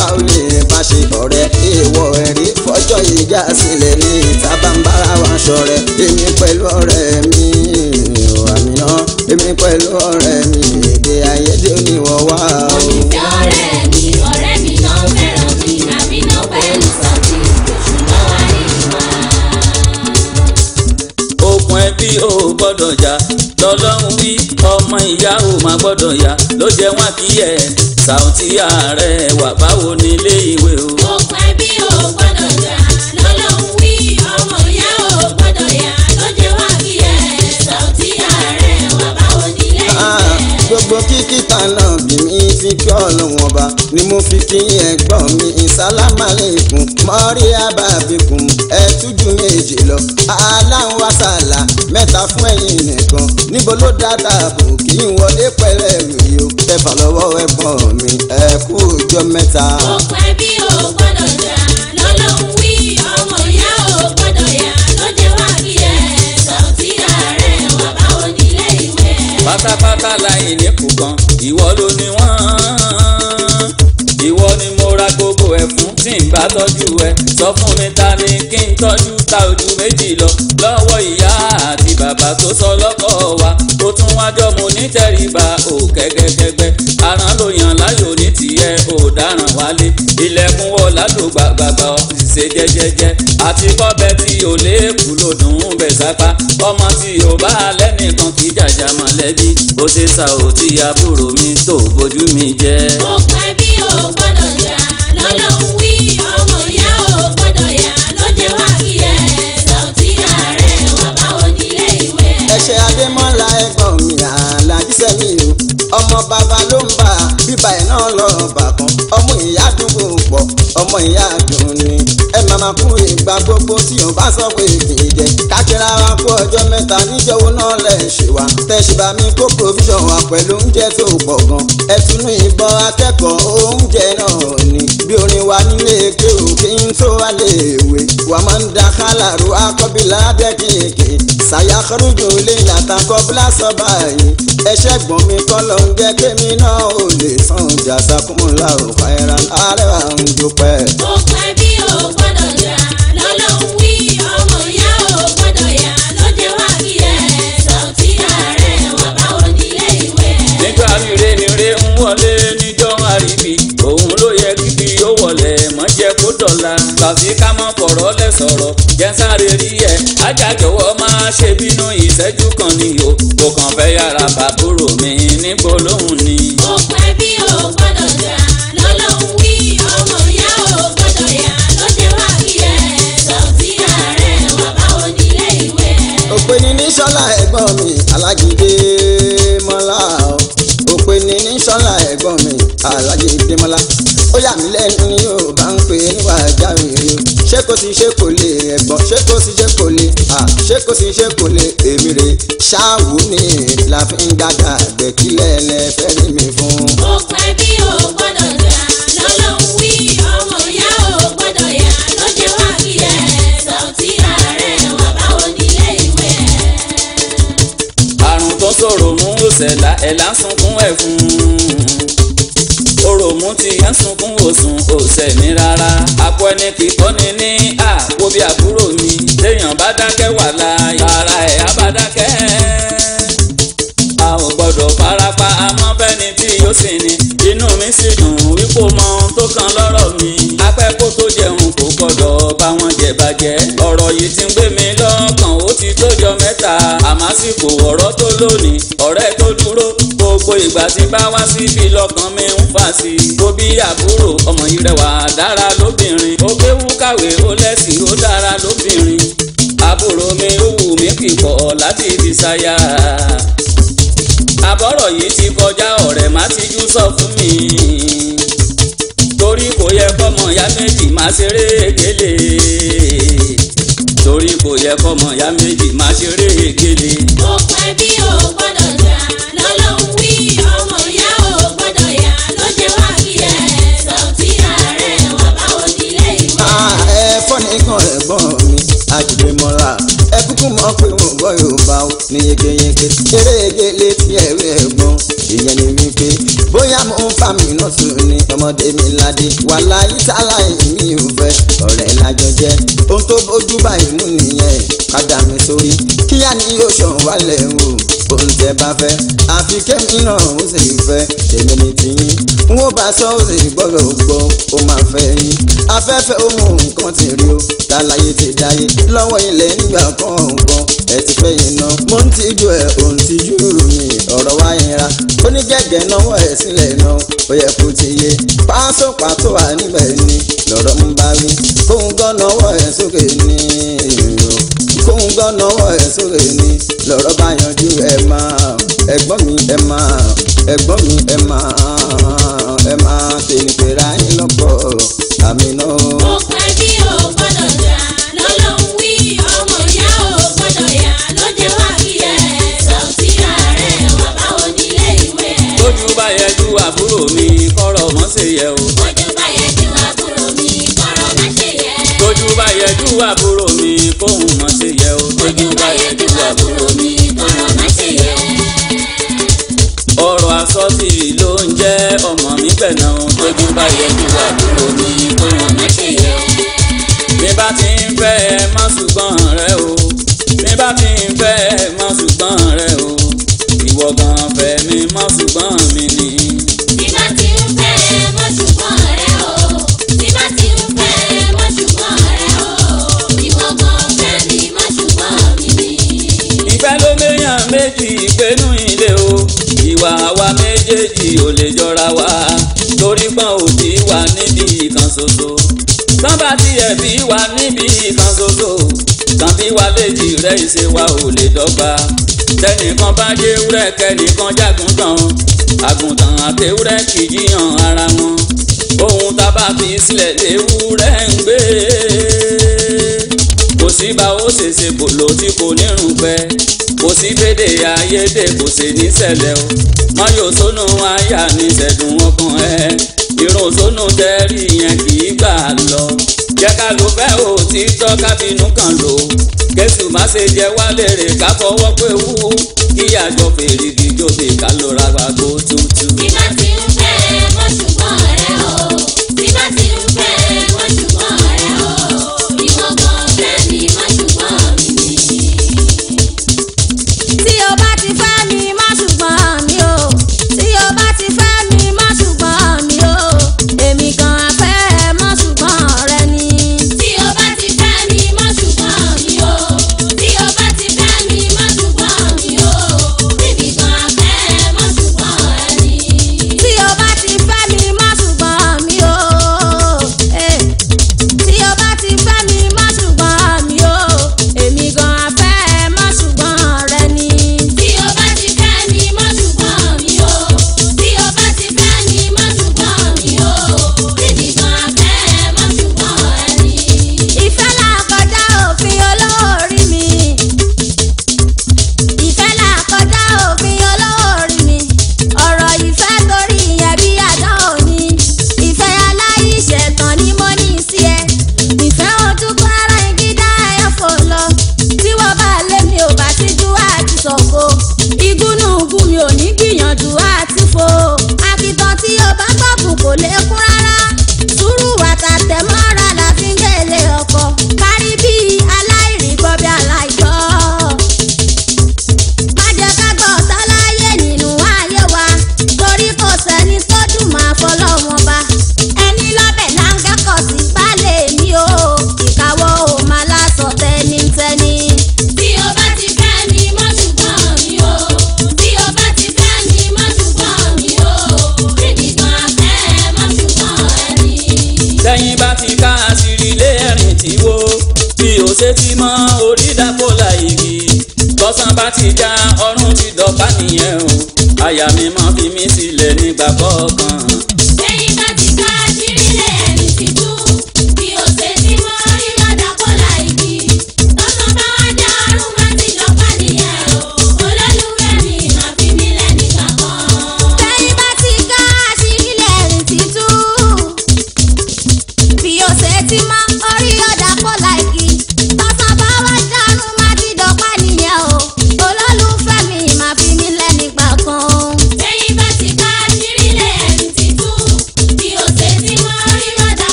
ká ó lè má ṣe ọ̀rẹ́ èèwọ̀ ẹ̀rí fọ́jọ́ ìjà sílẹ̀ ní ìta bá ń bára wa ṣọ̀rẹ́ èmi pẹ̀lú ọ̀rẹ́ mi àmì náà èmi pẹ̀lú ọ̀rẹ́ mi èdè àìyedè oníwọ̀ wá lọ́lọ́run wí ọmọ ìyá ò má gbọ́dọ̀ yá ló jẹ́ wọn kí ẹ̀ Saoty Arewa báwo nílé ìwé o. mo pẹ́ bí o gbọ́dọ̀ jà lọ́lọ́run wí o gbọ́dọ̀ yà lọ́jọ́ wá kí ẹ Saoty Arewa báwo nílé ìwé. Ah, gbogbo kíkí tànà bí mi fi kí ọlọ́wọ́n bá ni mo fi kí ẹ̀gbọ́n mi ìsálámà lẹ́kùn mọ́rí àbábíkùn ẹ̀tújú méje lọ aláwọ̀ wàsálà mẹ́ta fún ẹ̀yìn nìkan níbo ló dáadáa bò kí n wọlé pẹ̀lẹ́ rèé dẹ́fà lọ́wọ́ ẹ̀gbọ́n mi ẹ kú mẹ́ta. pátápátá la ìní kù kan ìwọ ló ní wọ́n ìwọ ni mo ra gbogbo ẹ̀ fún tí n bá tọ́jú ẹ sọ fún mi ta ni kí n tọ́jú ta ojú méjì lọ lọ́wọ́ ìyá àti bàbá tó sọ lọ́kọ̀ wa tó tún wájọ́ mo onítẹ̀ríba ò kẹ́gẹ́kẹ́gbẹ́ aràn ló yàn láyò ní tiẹ̀ ò dáràn wálé ilẹ̀kùn wọ ládùúgbà gbàgbà ṣe jẹ́jẹ́jẹ́ àti kọ́bẹ tí ò léèkù ló dùn ún bẹ̀ sápá ọmọ tí ò bá lẹ́nìkan kì í jàjà mọ̀lẹ́bí ó ṣe sa ò àbúrò mi tó bójú mi jẹ́. mo pẹ́ bí o gbọ́dọ̀. ọmọ bàbá ló ń bà bíbá ẹ̀ náà lọ́ọ́ bà ọmọ ìyá dùn kò pọ̀ ọmọ ìyá dùn ni màmá kú ìgbà gbogbo tí ò bá sọ pé kìí jẹ kákìrá wa kú ọjọ́ mẹ́ta níjọwọ náà lẹ ṣe wa tẹsíba mi kó provision wa pẹ̀lú oúnjẹ tó pọ̀ gan ẹtùnú ìbọn akẹ́kọ̀ọ́ oúnjẹ náà ni bí orin wa nílé kéwù kí n tó wá lè wé wà máa ń da kálàrú akọbílà dẹkìkì sàyà kọrùjù lè yàtà kọbílà sọba yìí ẹṣẹ gbọn mi kọ lọ ń jẹ kémi náà ò lè sàn jàdá kúmùlà òkà ẹran arẹwà ń dúpẹ́. ó àfi ká mọ fọ̀rọ̀ lẹ̀ sọ̀rọ̀ jẹ́ sáré rí ẹ̀ ajájọwọ́ máa ṣe bínú ìṣẹ́jú kan ni o kò kàn fẹ́ yára bàbúrò mi níbo lóhùn ni. mo pẹ́ bí o gbọ́dọ̀ jà lọ́lọ́hún ẹ̀gbọ́n mi alágídé ní ní sọ́la ẹ̀gbọ́n mi alájí Démọ́lá ó yà mí lẹ́nu ni yóò bá ń pè níwà jáwèrè ṣé kò sí ṣé kò lè ẹ̀gbọ́n ṣé kò sí ṣé kò lè à ṣé kò sí ṣé kò lè èmi rè ṣáàwù mi la fi ń dàgbà gbẹ̀kílẹ̀ lẹ́fẹ́ rí mi fún. mo o gbọ́dọ̀ jà lọ́lọ́run wí ọmọ o gbọ́dọ̀ yà ló jẹ́ wá kílẹ̀ Saoty ṣẹlá ẹlá ń sunkún ẹfun oròmù ti ń sunkún òsùn òsè mi rárá àpò ẹni kìtọ́ ni ní àpò bí àbúrò mi téèyàn bá dákẹ́ wà láàyè ara ẹ̀ á bá dákẹ́ a ò gbọ́dọ̀ farapa àmọ́ bẹ́ẹ̀ ni tí yóò sì ní inú mi sì dùn wípé mọ ohun tó kan lọ́rọ̀ mi apẹ́ kó tó jẹun kò gbọ́dọ̀ bá wọn jẹ bàjẹ́ ọ̀rọ̀ yìí ti ń gbé mi lọ́kàn ó ti tó jọ mẹ́ lọ́la àmásìkò ọ̀rọ̀ tó lónìí ọ̀rẹ́ tó dúró gbogbo ìgbà tí bá wá síbi lọ́kàn mi ń fà sí i tó bí àbúrò ọmọ yìí rẹwà dára lóbìnrin ó kéwú kàwé ó lẹ́sìn ó dára lóbìnrin àbúrò mi ó wù mí kíkọ̀ láti fi ṣaya àbọ̀rọ̀ yìí ti kọjá ọ̀rẹ́ má ti jú sọ fún mi torí kò yẹ kọ́mọ ya méjì má ṣeré gèlè torí kò yẹ kọ́mọ ya méjì máa ṣeré egéle. ó pẹ́ bí o gbọ́dọ̀ jà lọ́lọ́run wí ọmọ ìyá o gbọ́dọ̀ yà ló jẹ́ wá kí ẹ Saoty ààrẹ wà báwo nílé ìwé. Ah, ẹ fọ́nì kan ẹ̀gbọ́n mi àjùmọ̀ra ẹ kúkú mọ̀ pé mo gbọ́ Yorùbá o ní yegeyege eré egéle tí ẹ̀rí ẹ̀gbọ́n ìyẹn ni wípé bóyá mo Aminatu ni ọmọdé mi ládé wàhálà ìtàlá èmi ò fẹ́ ọ̀rẹ́ lájọ jẹ́ ohun tó bójú báyìí mú nìyẹn kádà mi sórí kíá ni yóò ṣàn wálẹ̀ o ohun tẹ bá fẹ́ àfi kémi náà ó sì fẹ́ tèmi ni tiyín n ó bá sọ ó sì gbọ́dọ̀ gbọ́ ó máa fẹ́ yín afẹ́fẹ́ ohun nǹkan ti rí o tàlàyé ti dáyé lọ́wọ́ ilẹ̀ nígbà kọ̀ọ̀kan ẹ ti fẹ́ yìí ná mo ń tijú ẹ̀ òun tijú mi ọ̀rọ̀ wa gẹ̀gẹ́ náwó ẹ̀ sílẹ̀ náà ó yẹ kó ti yé pàṣọ pàtó wà níbẹ̀ ni lọ́rọ̀ ń bá wí kóun gan náwó ẹ̀ sókè ní ìrìnàjò kóun gan náwó ẹ̀ sókè ní lọ́rọ̀ bá yanjú ẹ̀ máa ẹ̀gbọ́n mi ẹ̀ máa ẹ̀gbọ́n mi ẹ̀ máa. iṣẹ́ ìṣe wa ò lè dọ́gba tẹnìkan bá jẹ́ ewúrẹ́ kẹnìkan jágùntàn àgùntàn àtẹwúrẹ́ kì í jiyàn ara wọn ohun tá a bá fi sílẹ̀ léwúrẹ́ ń gbé kò sí bá ó ṣèṣe kò ló tí kò nírun pẹ́ kò sí bédè ayédè kò sí ní ṣẹlẹ̀ o mọ yóò sónú àyà ní ṣẹ̀dùn ọkàn ẹ irun sónú tẹ́rì yẹn kì í gbà lọ jẹ́ ká ló fẹ́ òtítọ́ ká bínú kan lò ó. Jésù má ṣe jẹ wá lèrè ká fọwọ́ pé wú kí àjọ fèrè gíjó mi ká lọ ra gbàgbó tútù. Ìgbà tí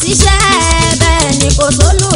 síṣẹ́ bẹ́ẹ̀ ni kò sólù.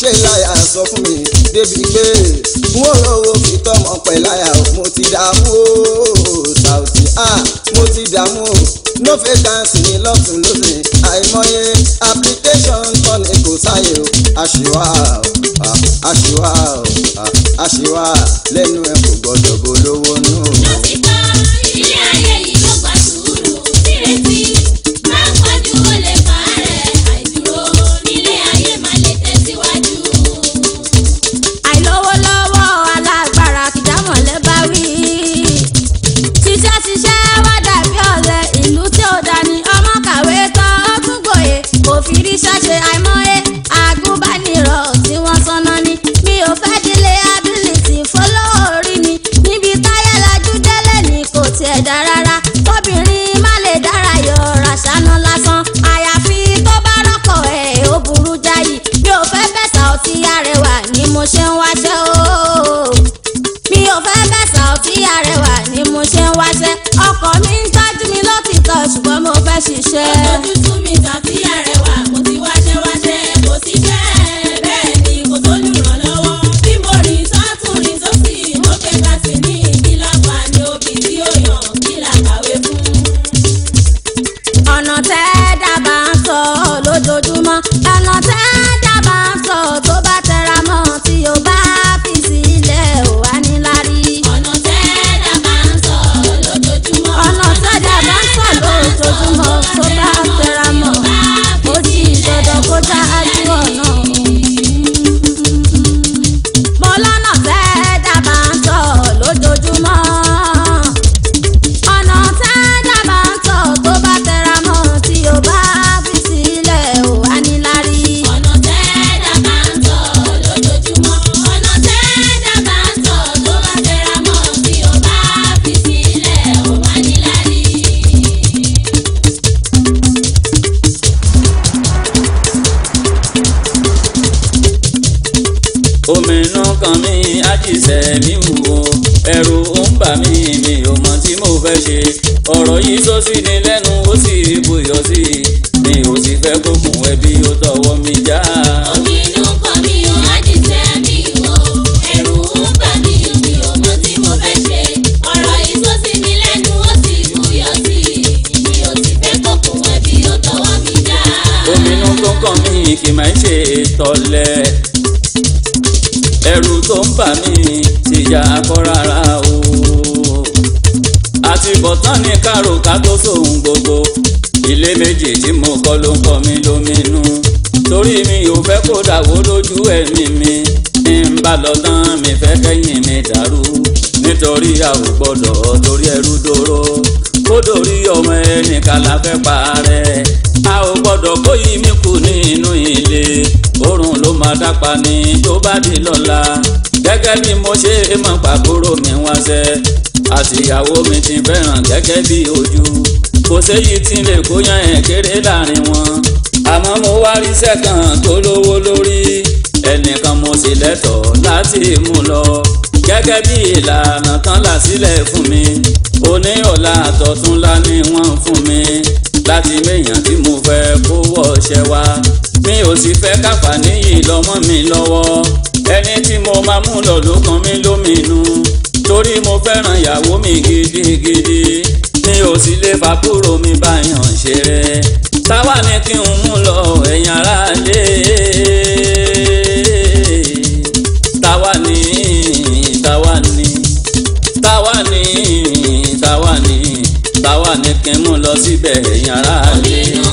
ṣe láyà sọ fún mi débi pé wọ́n rówó fi tọ́mọ pẹ̀ láyà mo ti dààmú o Saoty ah mo ti dààmú o no vacancy ni lọ́tún lónìí àìmọye application tọ́ni kò sáyè o àṣìwà o ah, àṣìwà o ah, àṣìwà lẹ́nu ẹ̀ kò gbọ́dọ̀ bolówó nù àjìṣẹ́ mi wò ẹ̀rù ń bà mí mi ò mọ tí mo fẹ́ ni lẹ́nu ó sì buyọ̀ sí i mi ò sì fẹ́ kókùn ẹbí ó tọwọ́ mi já. òmìnú kọ́ mi ò àjìṣẹ́ ẹ̀rù ń bà mí mi ò mọ tí mo fẹ́ ṣe ọ̀rọ̀ yìí sọ sí ni lẹ́nu ó sì buyọ̀ sí i mi ò sì fẹ́ kókùn ẹbí ó tọwọ́ mi já. òmìnú máa ń ṣe tọ́lẹ̀ bà mí tìjà kọ́ rárá o. àti bọ̀tán ní kárò ká tó sóhun gbogbo ilé méjì tí mo kọ́ ló ń kọ́ mi lóminú torí mi ò fẹ́ kó dàwó lójú ẹ̀mí mi ní n bá lọ tán mi fẹ́ kẹ́yìn mi dàrú nítorí a ò gbọ́dọ̀ torí ẹrú dòró kó dòrí ọmọ ẹnìkan la fẹ́ parẹ́ a ò gbọ́dọ̀ kó yìí mi kù nínú ilé oorun ló máa dápa ní tó bá di lọ́la gẹ́gẹ́ bí mo ṣe mọ̀ pàkúrò mi wáṣẹ́ àṣìyàwó mi ti fẹ́ràn gẹ́gẹ́ bí ojú kò séyìí tí lè kó yan ẹ̀ kéré láàrin wọn àmọ́ mo wá rí sẹ́kàn tó lówó lórí ẹnìkan mo sì lẹ́tọ̀ọ́ láti mú lọ gẹ́gẹ́ bí ìlànà kan là sílẹ̀ fún mi oní ọ̀la àtọ̀túnla ni wọ́n fún mi láti méyàn tí mo fẹ́ kó wọ́ wá mi ò sì fẹ́ káfà níyì lọ́mọ mi lọ́wọ́ ẹni tí mo máa mú lọ ló kan mí lóminú torí mo fẹ́ràn ìyàwó mi gidigidi mi ò sì lè fà kúrò mi bá yàn ṣeré táwa ni kí n mú lọ ẹ̀yìn aráalé táwa ni táwa ni táwa ni táwa ni táwa ni kí n mú lọ síbẹ̀ ẹ̀yìn aráalé.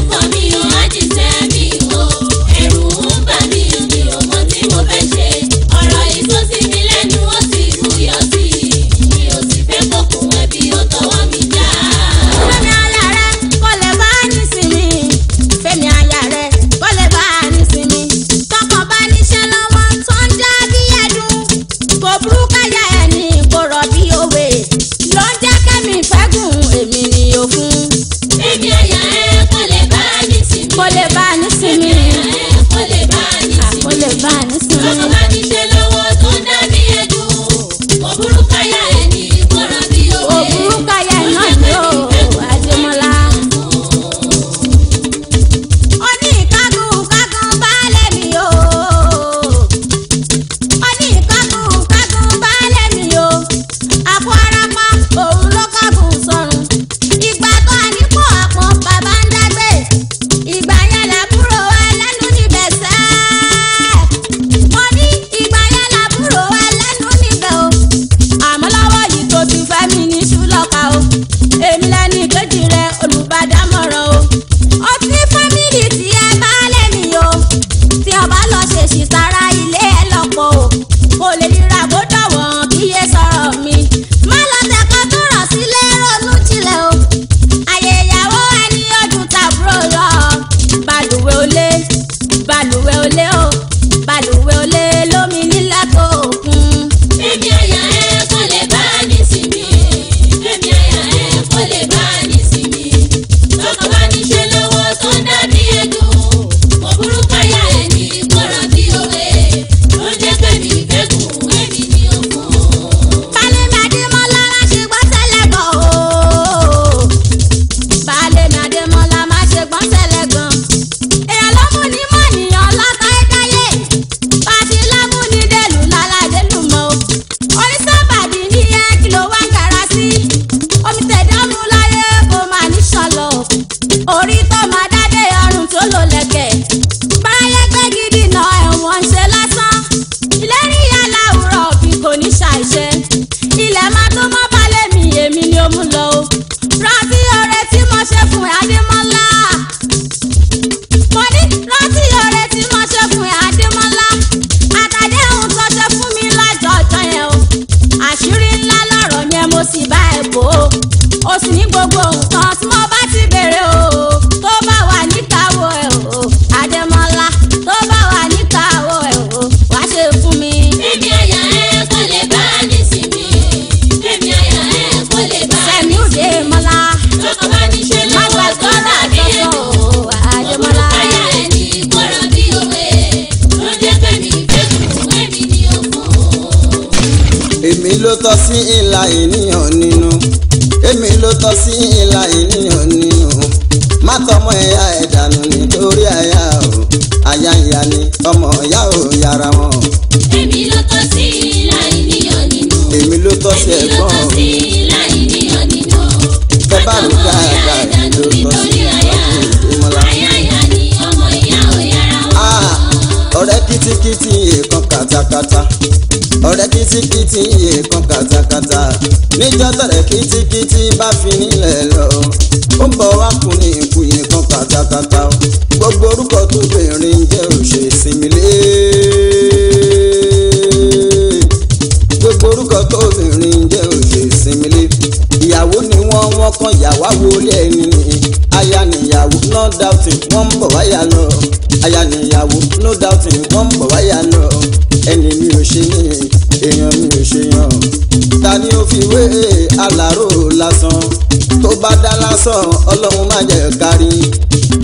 jẹ́ kárí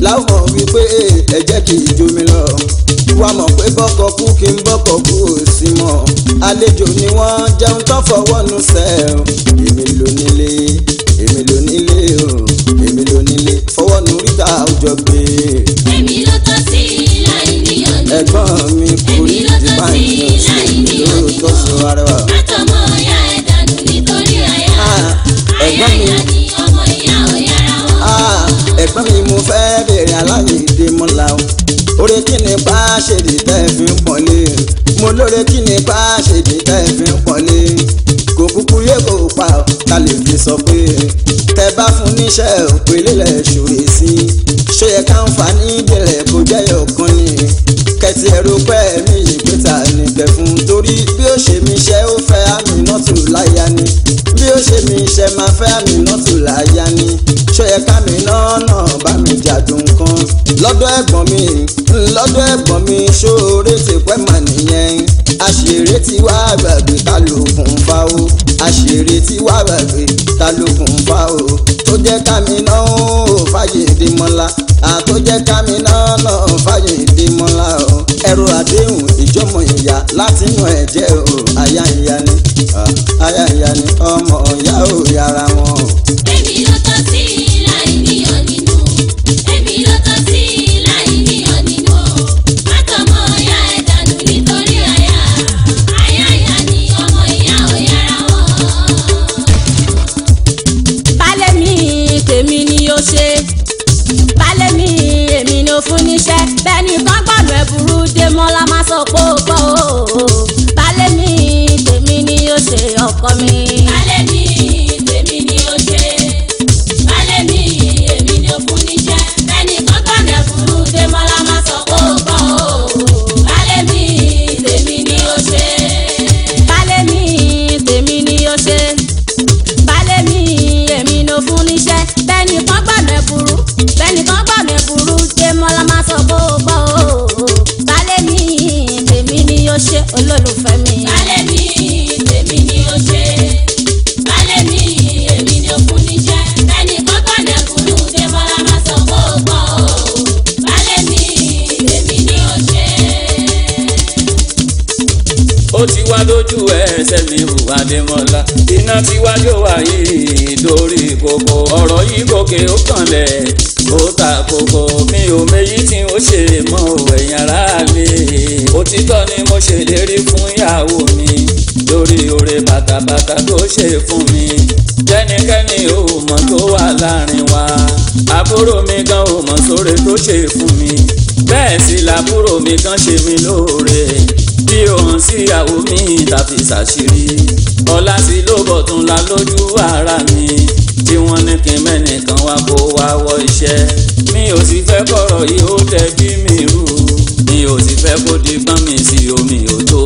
láwọn wípé ẹ̀jẹ̀ kì í jomi lọ wàá mọ̀ pé bọ́kọ̀ kú kí n bọ́kọ̀ kú ò sí àlejò ni wọ́n jẹun tó fọwọ́ nu sẹ́ẹ̀. ṣèdí tẹ́ fi ń pọ́nlé mo lóore kí ni bá ṣèdí tẹ́ fi ń pọ́nlé kò kúkú yé kò pa ta lè fi sọ pé tẹ bá fún níṣẹ́ òpèlè lẹ̀ ṣòye sí ṣé ẹ ká ń fa ní ìbẹ̀rẹ̀ kó jẹ́ ọ̀kan ni kẹtì ẹ̀rọ pẹ́ mi ìgbésà nígbẹ̀ fún torí bí ó ṣe mi ṣe ó fẹ́ àmì nọ́tù láyà ni bí ó ṣe mi ṣe máa fẹ́ àmì nọ́tù láyà ni ṣó yẹ ká mi náà náà bá mi jàdùn kan lọ́dọ̀ ẹ̀gbọ́n mi lọ́dọ̀ ẹ̀gbọ́n mi ṣóore ti pẹ́ mà nìyẹn àṣírí ti wá gbàgbé ta ló kún fa o àṣírí ti wá gbàgbé ta ló kún fa o tó jẹ́ kámi náà ó fàyè dìmọ́lá àtọ́jẹ́ kámi náà náà fàyè dìmọ́lá o ẹrù àdéhùn ìjọmọ ìyá láti inú ẹ̀jẹ̀ o àyà ìyá ni àyà ìyá ni ọmọ ìyá ò yára wọn. mọ́ la máa sọ pé balẹ̀ mi tèmi ni yóò ṣe ọkọ mi. olólùfẹ́. ẹsẹ̀ mi hùwà dẹ́mọ́lá iná tí wájú wà yìí torí kòkò ọ̀rọ̀ yìí gòkè ó kànlẹ̀ ó ta kòkò mi ò méjì tí ó ṣe mọ́ ẹ̀yìn aráàlè òtítọ́ ni mo ṣèlérí fún ìyàwó mi lórí oore bàtàbàtà tó ṣe fún mi jẹ́nikẹ́ni ò mọ̀ tó wà láàrin wa àbúrò mi gan ò mọ̀ sóore tó ṣe fún mi bẹ́ẹ̀ sì làbúrò mi gan ṣe mi lóore bí òun síyàwó mi tàbí ṣàṣírí ọlá sí ló bọ̀ tún la lójú ara mi tí wọ́n ní kí mẹ́nìkan wá kó wá wọ iṣẹ́ mi ò sì fẹ́ kọ̀rọ̀ yìí ó tẹ̀bí mi rú mi ò sì fẹ́ kó di mi sí omi ò tó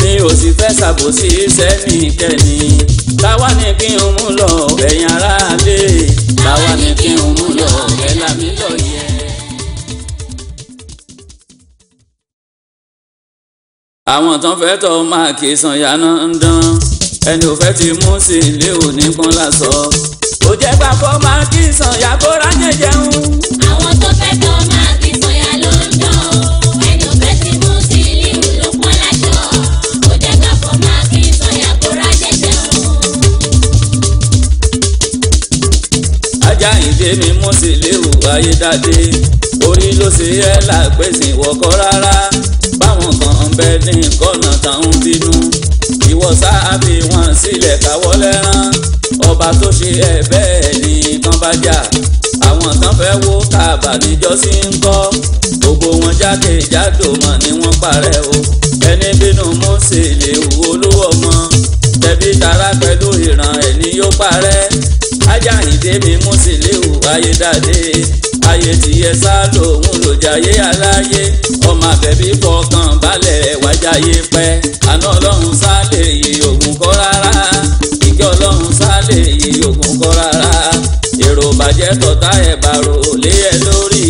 mi ò sì fẹ́ ṣàbòsí sẹ́nìkẹ́ni táwa ní kí n mú lọ ẹ̀yìn aráalé táwa ní kí n mú lọ ẹ̀yìn àwọn tán fẹ́ tọ́ máa kì í san yáná ń dán ẹni ò fẹ́ ti mú sí ilé òní pọ́n lásọ. ó jẹ́ gbàgbọ́ máa kì í san yá kó ráyè jẹun. àwọn tó fẹ́ tọ́ máa kì í san yá ló ń dán o ẹni ò fẹ́ ti mú sí ilé òní pọ́n lásọ. ó jẹ́ gbàgbọ́ máa kì í san yá kó ráyè jẹun. ajá ìdè mi mú sí ilé òwò ayé dáadé orí ló ṣe é lápẹ́sìn wọ̀kọ́ rárá ń bẹ ní kọ́nà táwọn bínú ìwọ sáábì wọn sílẹ̀ káwọ́ lẹ́rán ọba tó ṣe ẹ bẹ́ẹ̀ ni tán bá jà àwọn kan fẹ́ wó kábà níjọ́ sí ń kọ́ gbogbo wọn jákèjádò mọ̀ ni wọ́n parẹ́ o ẹni bínú mọ́sẹ̀ lè wo olówó ọmọ tẹ̀bí tara pẹ̀lú ìran ẹ̀ ni yóò parẹ́ ajá ìdè mi mọ́sẹ̀ lè wò báyé dàdé ayé tiẹ̀ sá lòun lò jayé aláyé ọmọ àbẹ̀bí fọkàn balẹ̀ wá jayé pẹ́ àná ọlọ́run sá lè yí ògùn kọ́ rárá ìkẹ́ ọlọ́run sá lè yí ògùn kọ́ rárá èrò bàjẹ́ tọ̀tá ẹ̀ bàrò lé ẹ lórí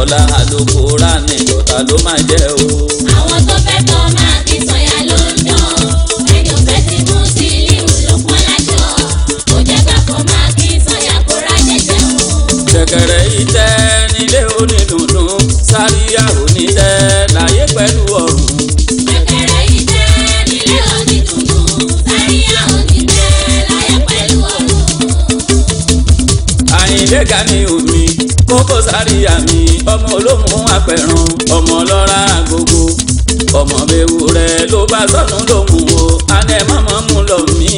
ọ̀la àlòkù rà ní ló máa jẹ́ o. ṣéga ni omi kókó sáríyá mi ọmọ olóhùn apẹ̀rùn ọmọ ọlọ́ra àgógó ọmọ bẹ́wò rẹ ló bá sọ̀nù lòun o alẹ́ mọ́mọ́ mú lọ mí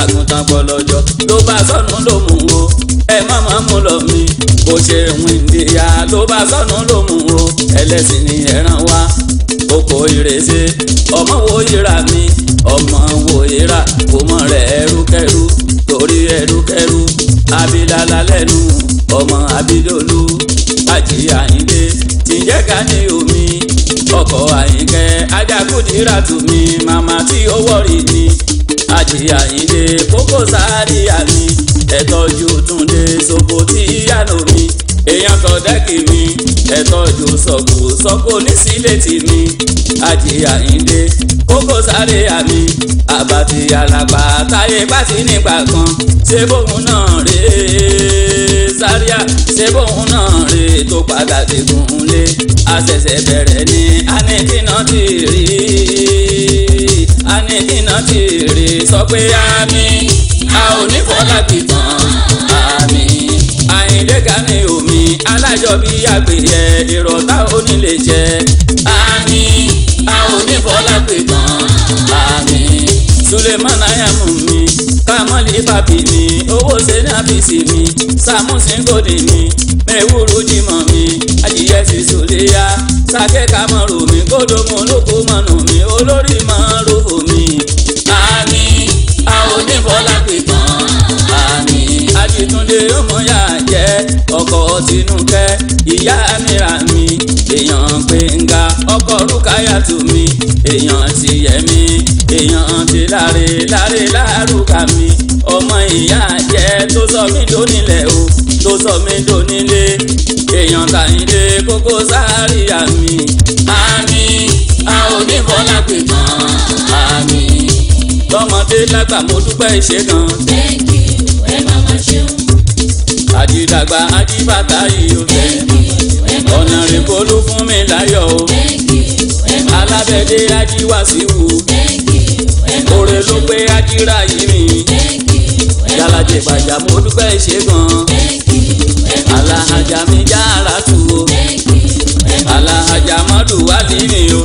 àgùntàn pọlọjọ ló bá sọ̀nù lòun o ẹ mọ́mọ́ mú lọ mí bó ṣe rìn ìdíyà ló bá sọ̀nù lòun o ẹlẹ́sìn ni ẹran wá oko ìrèsè ọmọ wo yíra mi ọmọ wo yíra kò mọ rẹ ẹrúkẹrú ẹrúkẹrú abilala lẹ́nu ọmọ abidolu àti àyíndé ìjẹ́ka ní omi ọkọ̀ àyínkẹ́ ajakudira tumi màmá tí ó wọ̀rì ni àti àyíndé kókó sáárì àmì ẹ̀tọ́jú túnde sopo tí yànnà mi èèyàn sọ̀dẹ́kì mi ẹ̀tàn òjò sọ̀kò sọ̀kò onísìlẹ̀ tì mí àjìyà ìdè kókó sáré àmì àbàtì àlàpà táyé bá ti nígbà kan ṣé bóun náà rèé sáríà ṣé bóun náà rèé tó padà dégùn lé àṣẹ̀ṣẹ̀ bẹ̀rẹ̀ ni anìkínà ti rí anìkínà ti rí sọ pé àmì a ò ní fọlá kìtàn àmì àyìnlẹ́gà ni omi jọ bí àgbèrè ẹ̀ èrò tá ò jẹ. àmì a ò ní bọ́lá pè tán àmì Suleiman ayamu mi kamali papi mi owó senabisi mi samusi ngodi mi mewuru jimọ mi ajiye si soleya sake kamọro mi kodomo loko mọnu mi olórí mọ robo mi. àmì a ò ní bọ́lá pè tán àmì Ajitunde ọmọ yàrá tinúkẹ́ ìyá mi rà mí èèyàn gbẹ̀ngà ọkọ rúkàyà tù mí èèyàn ti yẹ mí èèyàn ti láre láre lárúkà mi ọmọ ìyá jẹ tó sọ mí dónílẹ̀ o tó sọ mí dónílé èèyàn tàyíndé kókó sáríyà mi àmì a ò ní bọ́lá pè mọ́ àmì lọ́mọdé lágbà ìṣe kan. thank you ẹ máa ma ṣeun ìdàgbà àdìbàtà yìí ó fẹ́. ọ̀nà rìn kólú fún mi láyọ̀ o. alábẹ́dé ajíwàsíwù. oore ló pé ajíra yìí mi. yàlàjẹ̀ gbàjà mo dúpẹ́ ṣe gan. aláhajà mi já ara tù o. aláhajà mọ́dù wá dì mí o.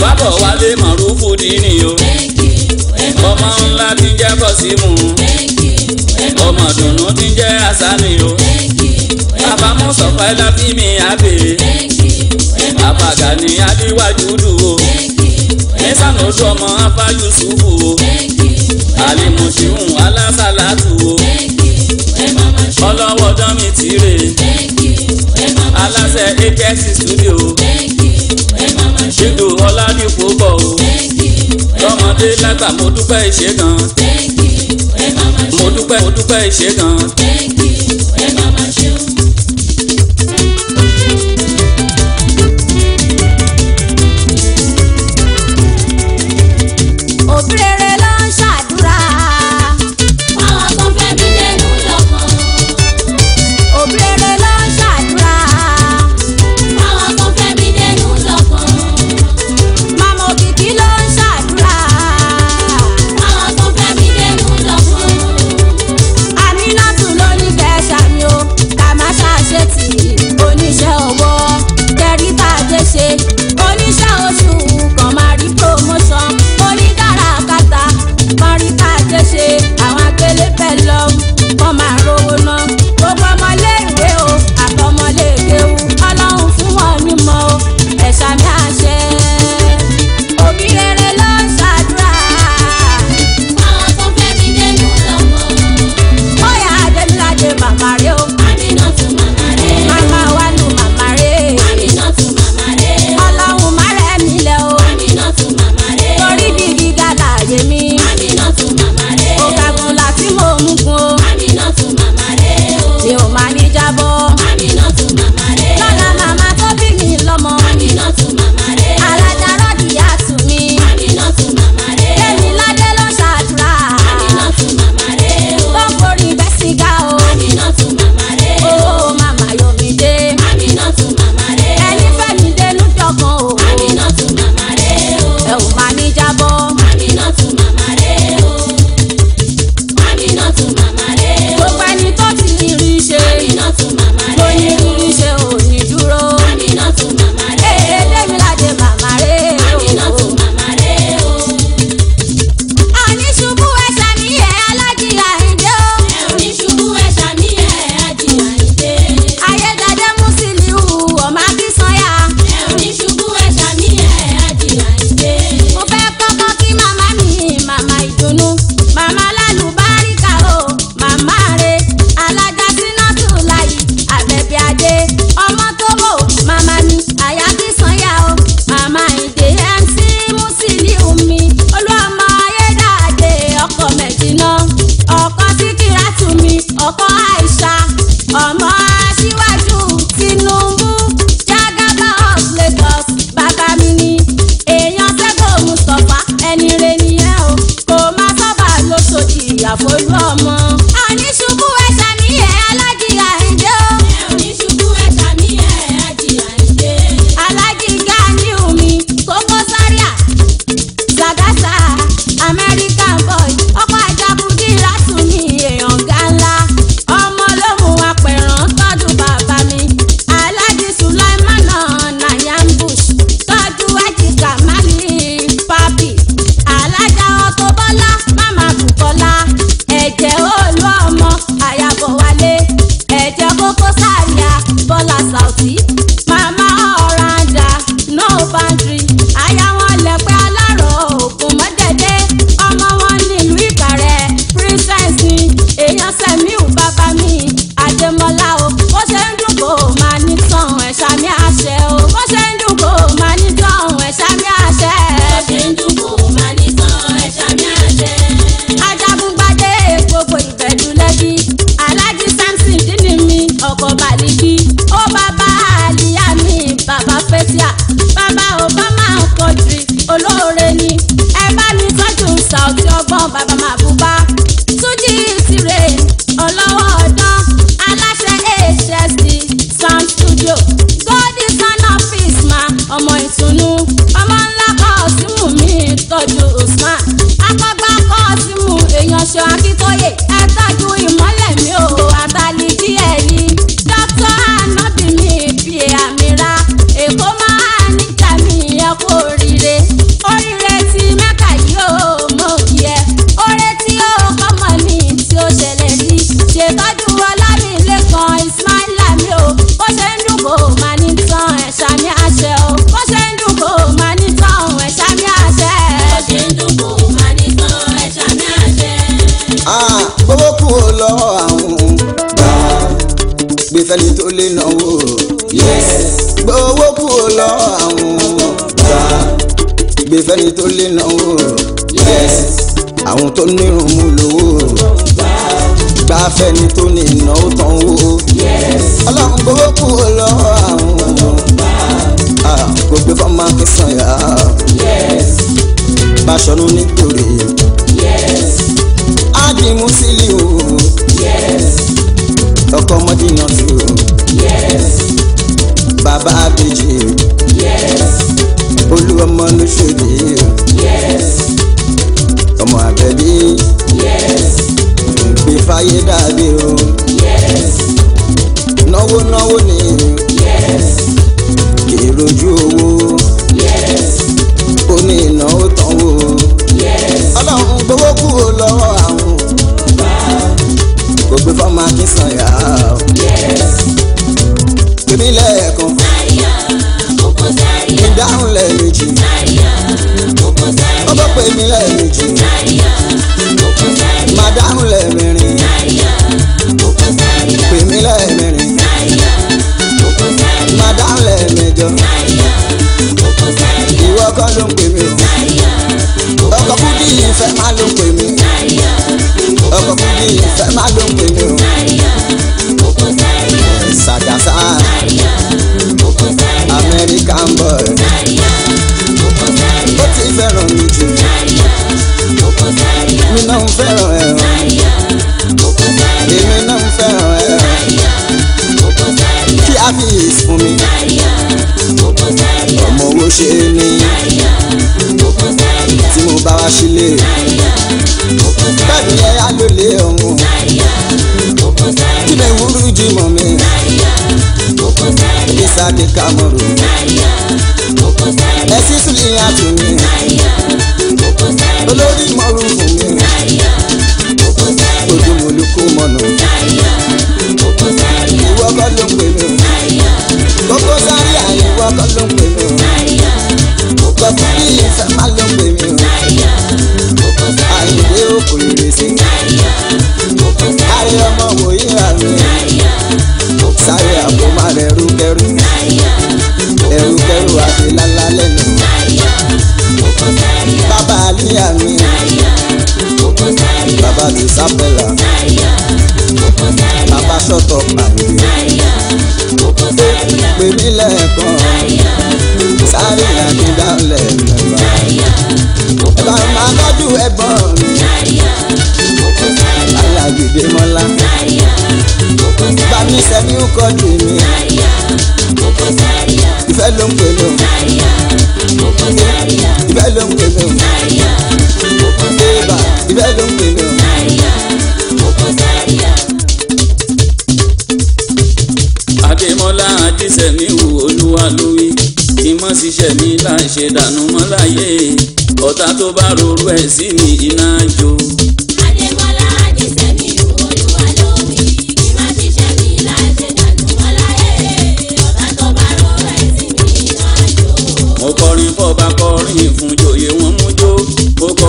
bábọ̀ wálé mọ̀rúfù dì mí o. ọmọ ńlá ti jẹ́ kọ́ sí mu ọmọ dùnú ti jẹ́ àṣàní o bàbá mú sọ̀pẹ́ lábí mi àbèrè bàbá Gani adéwájú o ẹ̀sán ojú ọmọ afájú sùúrù o àlèmọ̀ṣíhùn alásàlátù o ọlọ́wọ́ dánmi tìrè aláṣẹ AKS studio ṣètò ọládìpò bọ̀ o lọ́mọdé látàmọ́dúpẹ́ ìṣe kan dúpẹ́ mo dúpẹ́ ayé dàbí o. náwó náwó ni kì í rojú owó ó ní ìnáwó tán wò. ọlọ́run gbowó kúrò lọ́wọ́ àwọn kò gbé fọ́ọ̀mù akínsanyà o. gbèmí lẹ́ẹ̀kan ìdáhùn lẹ́ẹ̀mejì ó bọ́ pè mí lẹ́ẹ̀mejì máa dáhùn lẹ́ẹ̀mẹrin madam lẹ́ẹ̀mẹjọ ìwọ kọ́ ló ń pè mí o ọkọ̀ kúkì yìí fẹ́ má ló ń pè mí ọkọ̀ kúkì yìí fẹ́ ló ń pè mí dìde mọ́lá. Zaria kókó Zaria. Bami sẹ́mi ó kọ́ tèmi. Zaria kókó Zaria. Ìfẹ́ ló ń pè lò. Zaria kókó Zaria. Ìfẹ́ ló ń pè lò. Zaria kókó Zaria. Ìfẹ́ ló ń pè lò. Zaria kókó Zaria. Adémọ́lá Adésẹ́mi wò olúwa lórí. Tí mọ́ ṣiṣẹ́ mi láì ṣe dànù mọ́ láyé. Ọ̀tá tó bá rorú ẹ̀ sí ni iná jó.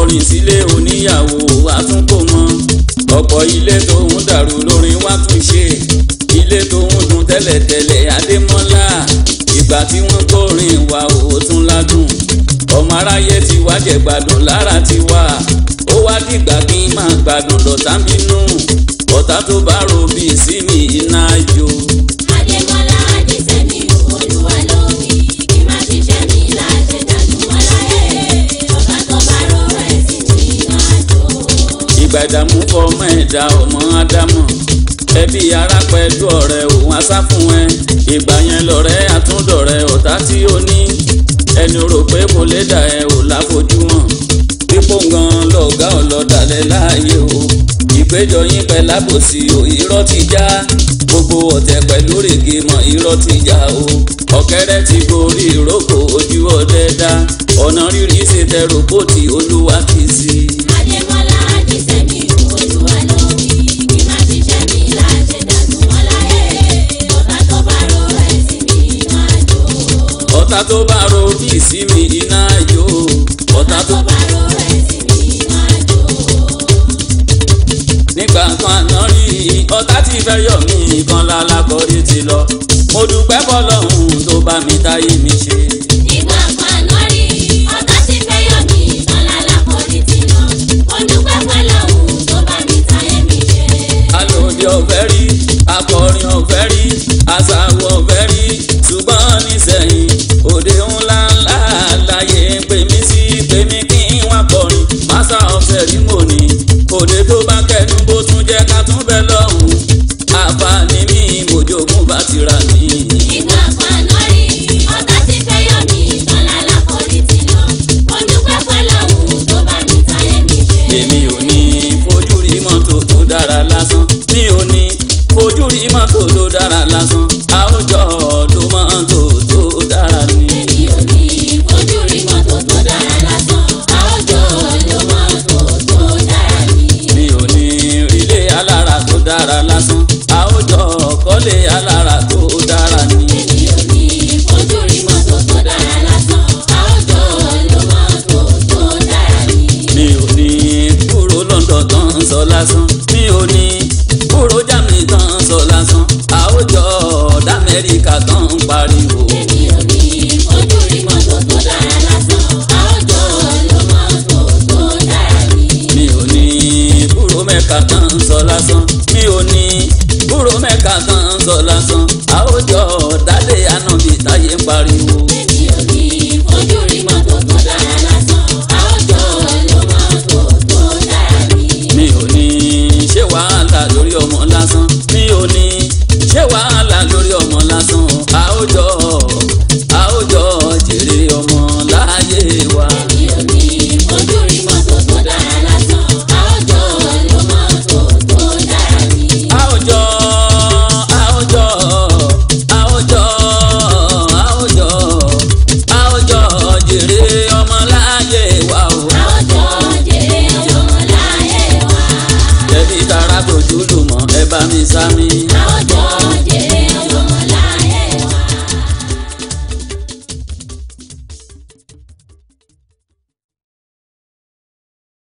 lórin sílé oníyàwó àtúnkò mọ ọ̀pọ̀ ilé tóun dàrú lórin wá tún ṣe ilé tóun dùn tẹ́lẹ̀tẹ́lẹ̀ adémọ́lá ìgbà tí wọ́n kọrin wà ó tún ládùn ọmọ aráyé ti wá jẹ gbádùn lára ti wá ó wá dìgbà kí n máa gbádùn lọ́tà ọ̀tá tó bá ro sí ni iná jó. àdàmú kọ ọmọ ẹ̀dá ọmọ ádámọ̀ ẹbí ará pẹ̀lú ọ̀rẹ́ òun asá fún ẹ ìgbà yẹn lọ̀rẹ́ àtúndọ̀rẹ́ ọ̀tá tí ó ní ẹni rò pé kò lè dà ẹ ò láfojú hàn pípò gan lọ̀gá ọ̀lọ́dàlẹ̀ láàyè o ìpéjọ yín pẹ̀ lábòsí o irọ́ ti já gbogbo ọ̀tẹ̀ pẹ̀lú règé mọ̀ irọ́ ti já o ọ̀kẹ́rẹ́ ti gorí ìrókò ojú ọdẹ dá ọ̀nà rírí ṣe tẹ ròbótì olúwa ti sí i. ọ̀tá tó bá ro bí sí mi iná yó ọ̀tá tó bá ro rẹ̀ mi iná yó. nígbà kan àná rí ọ̀tá ti fẹ́ yọ̀ mí kan lálákọ̀ọ́rí ti lọ mo dúpẹ́ bọ́lọ́hún tó bá mi táyé mi ṣe.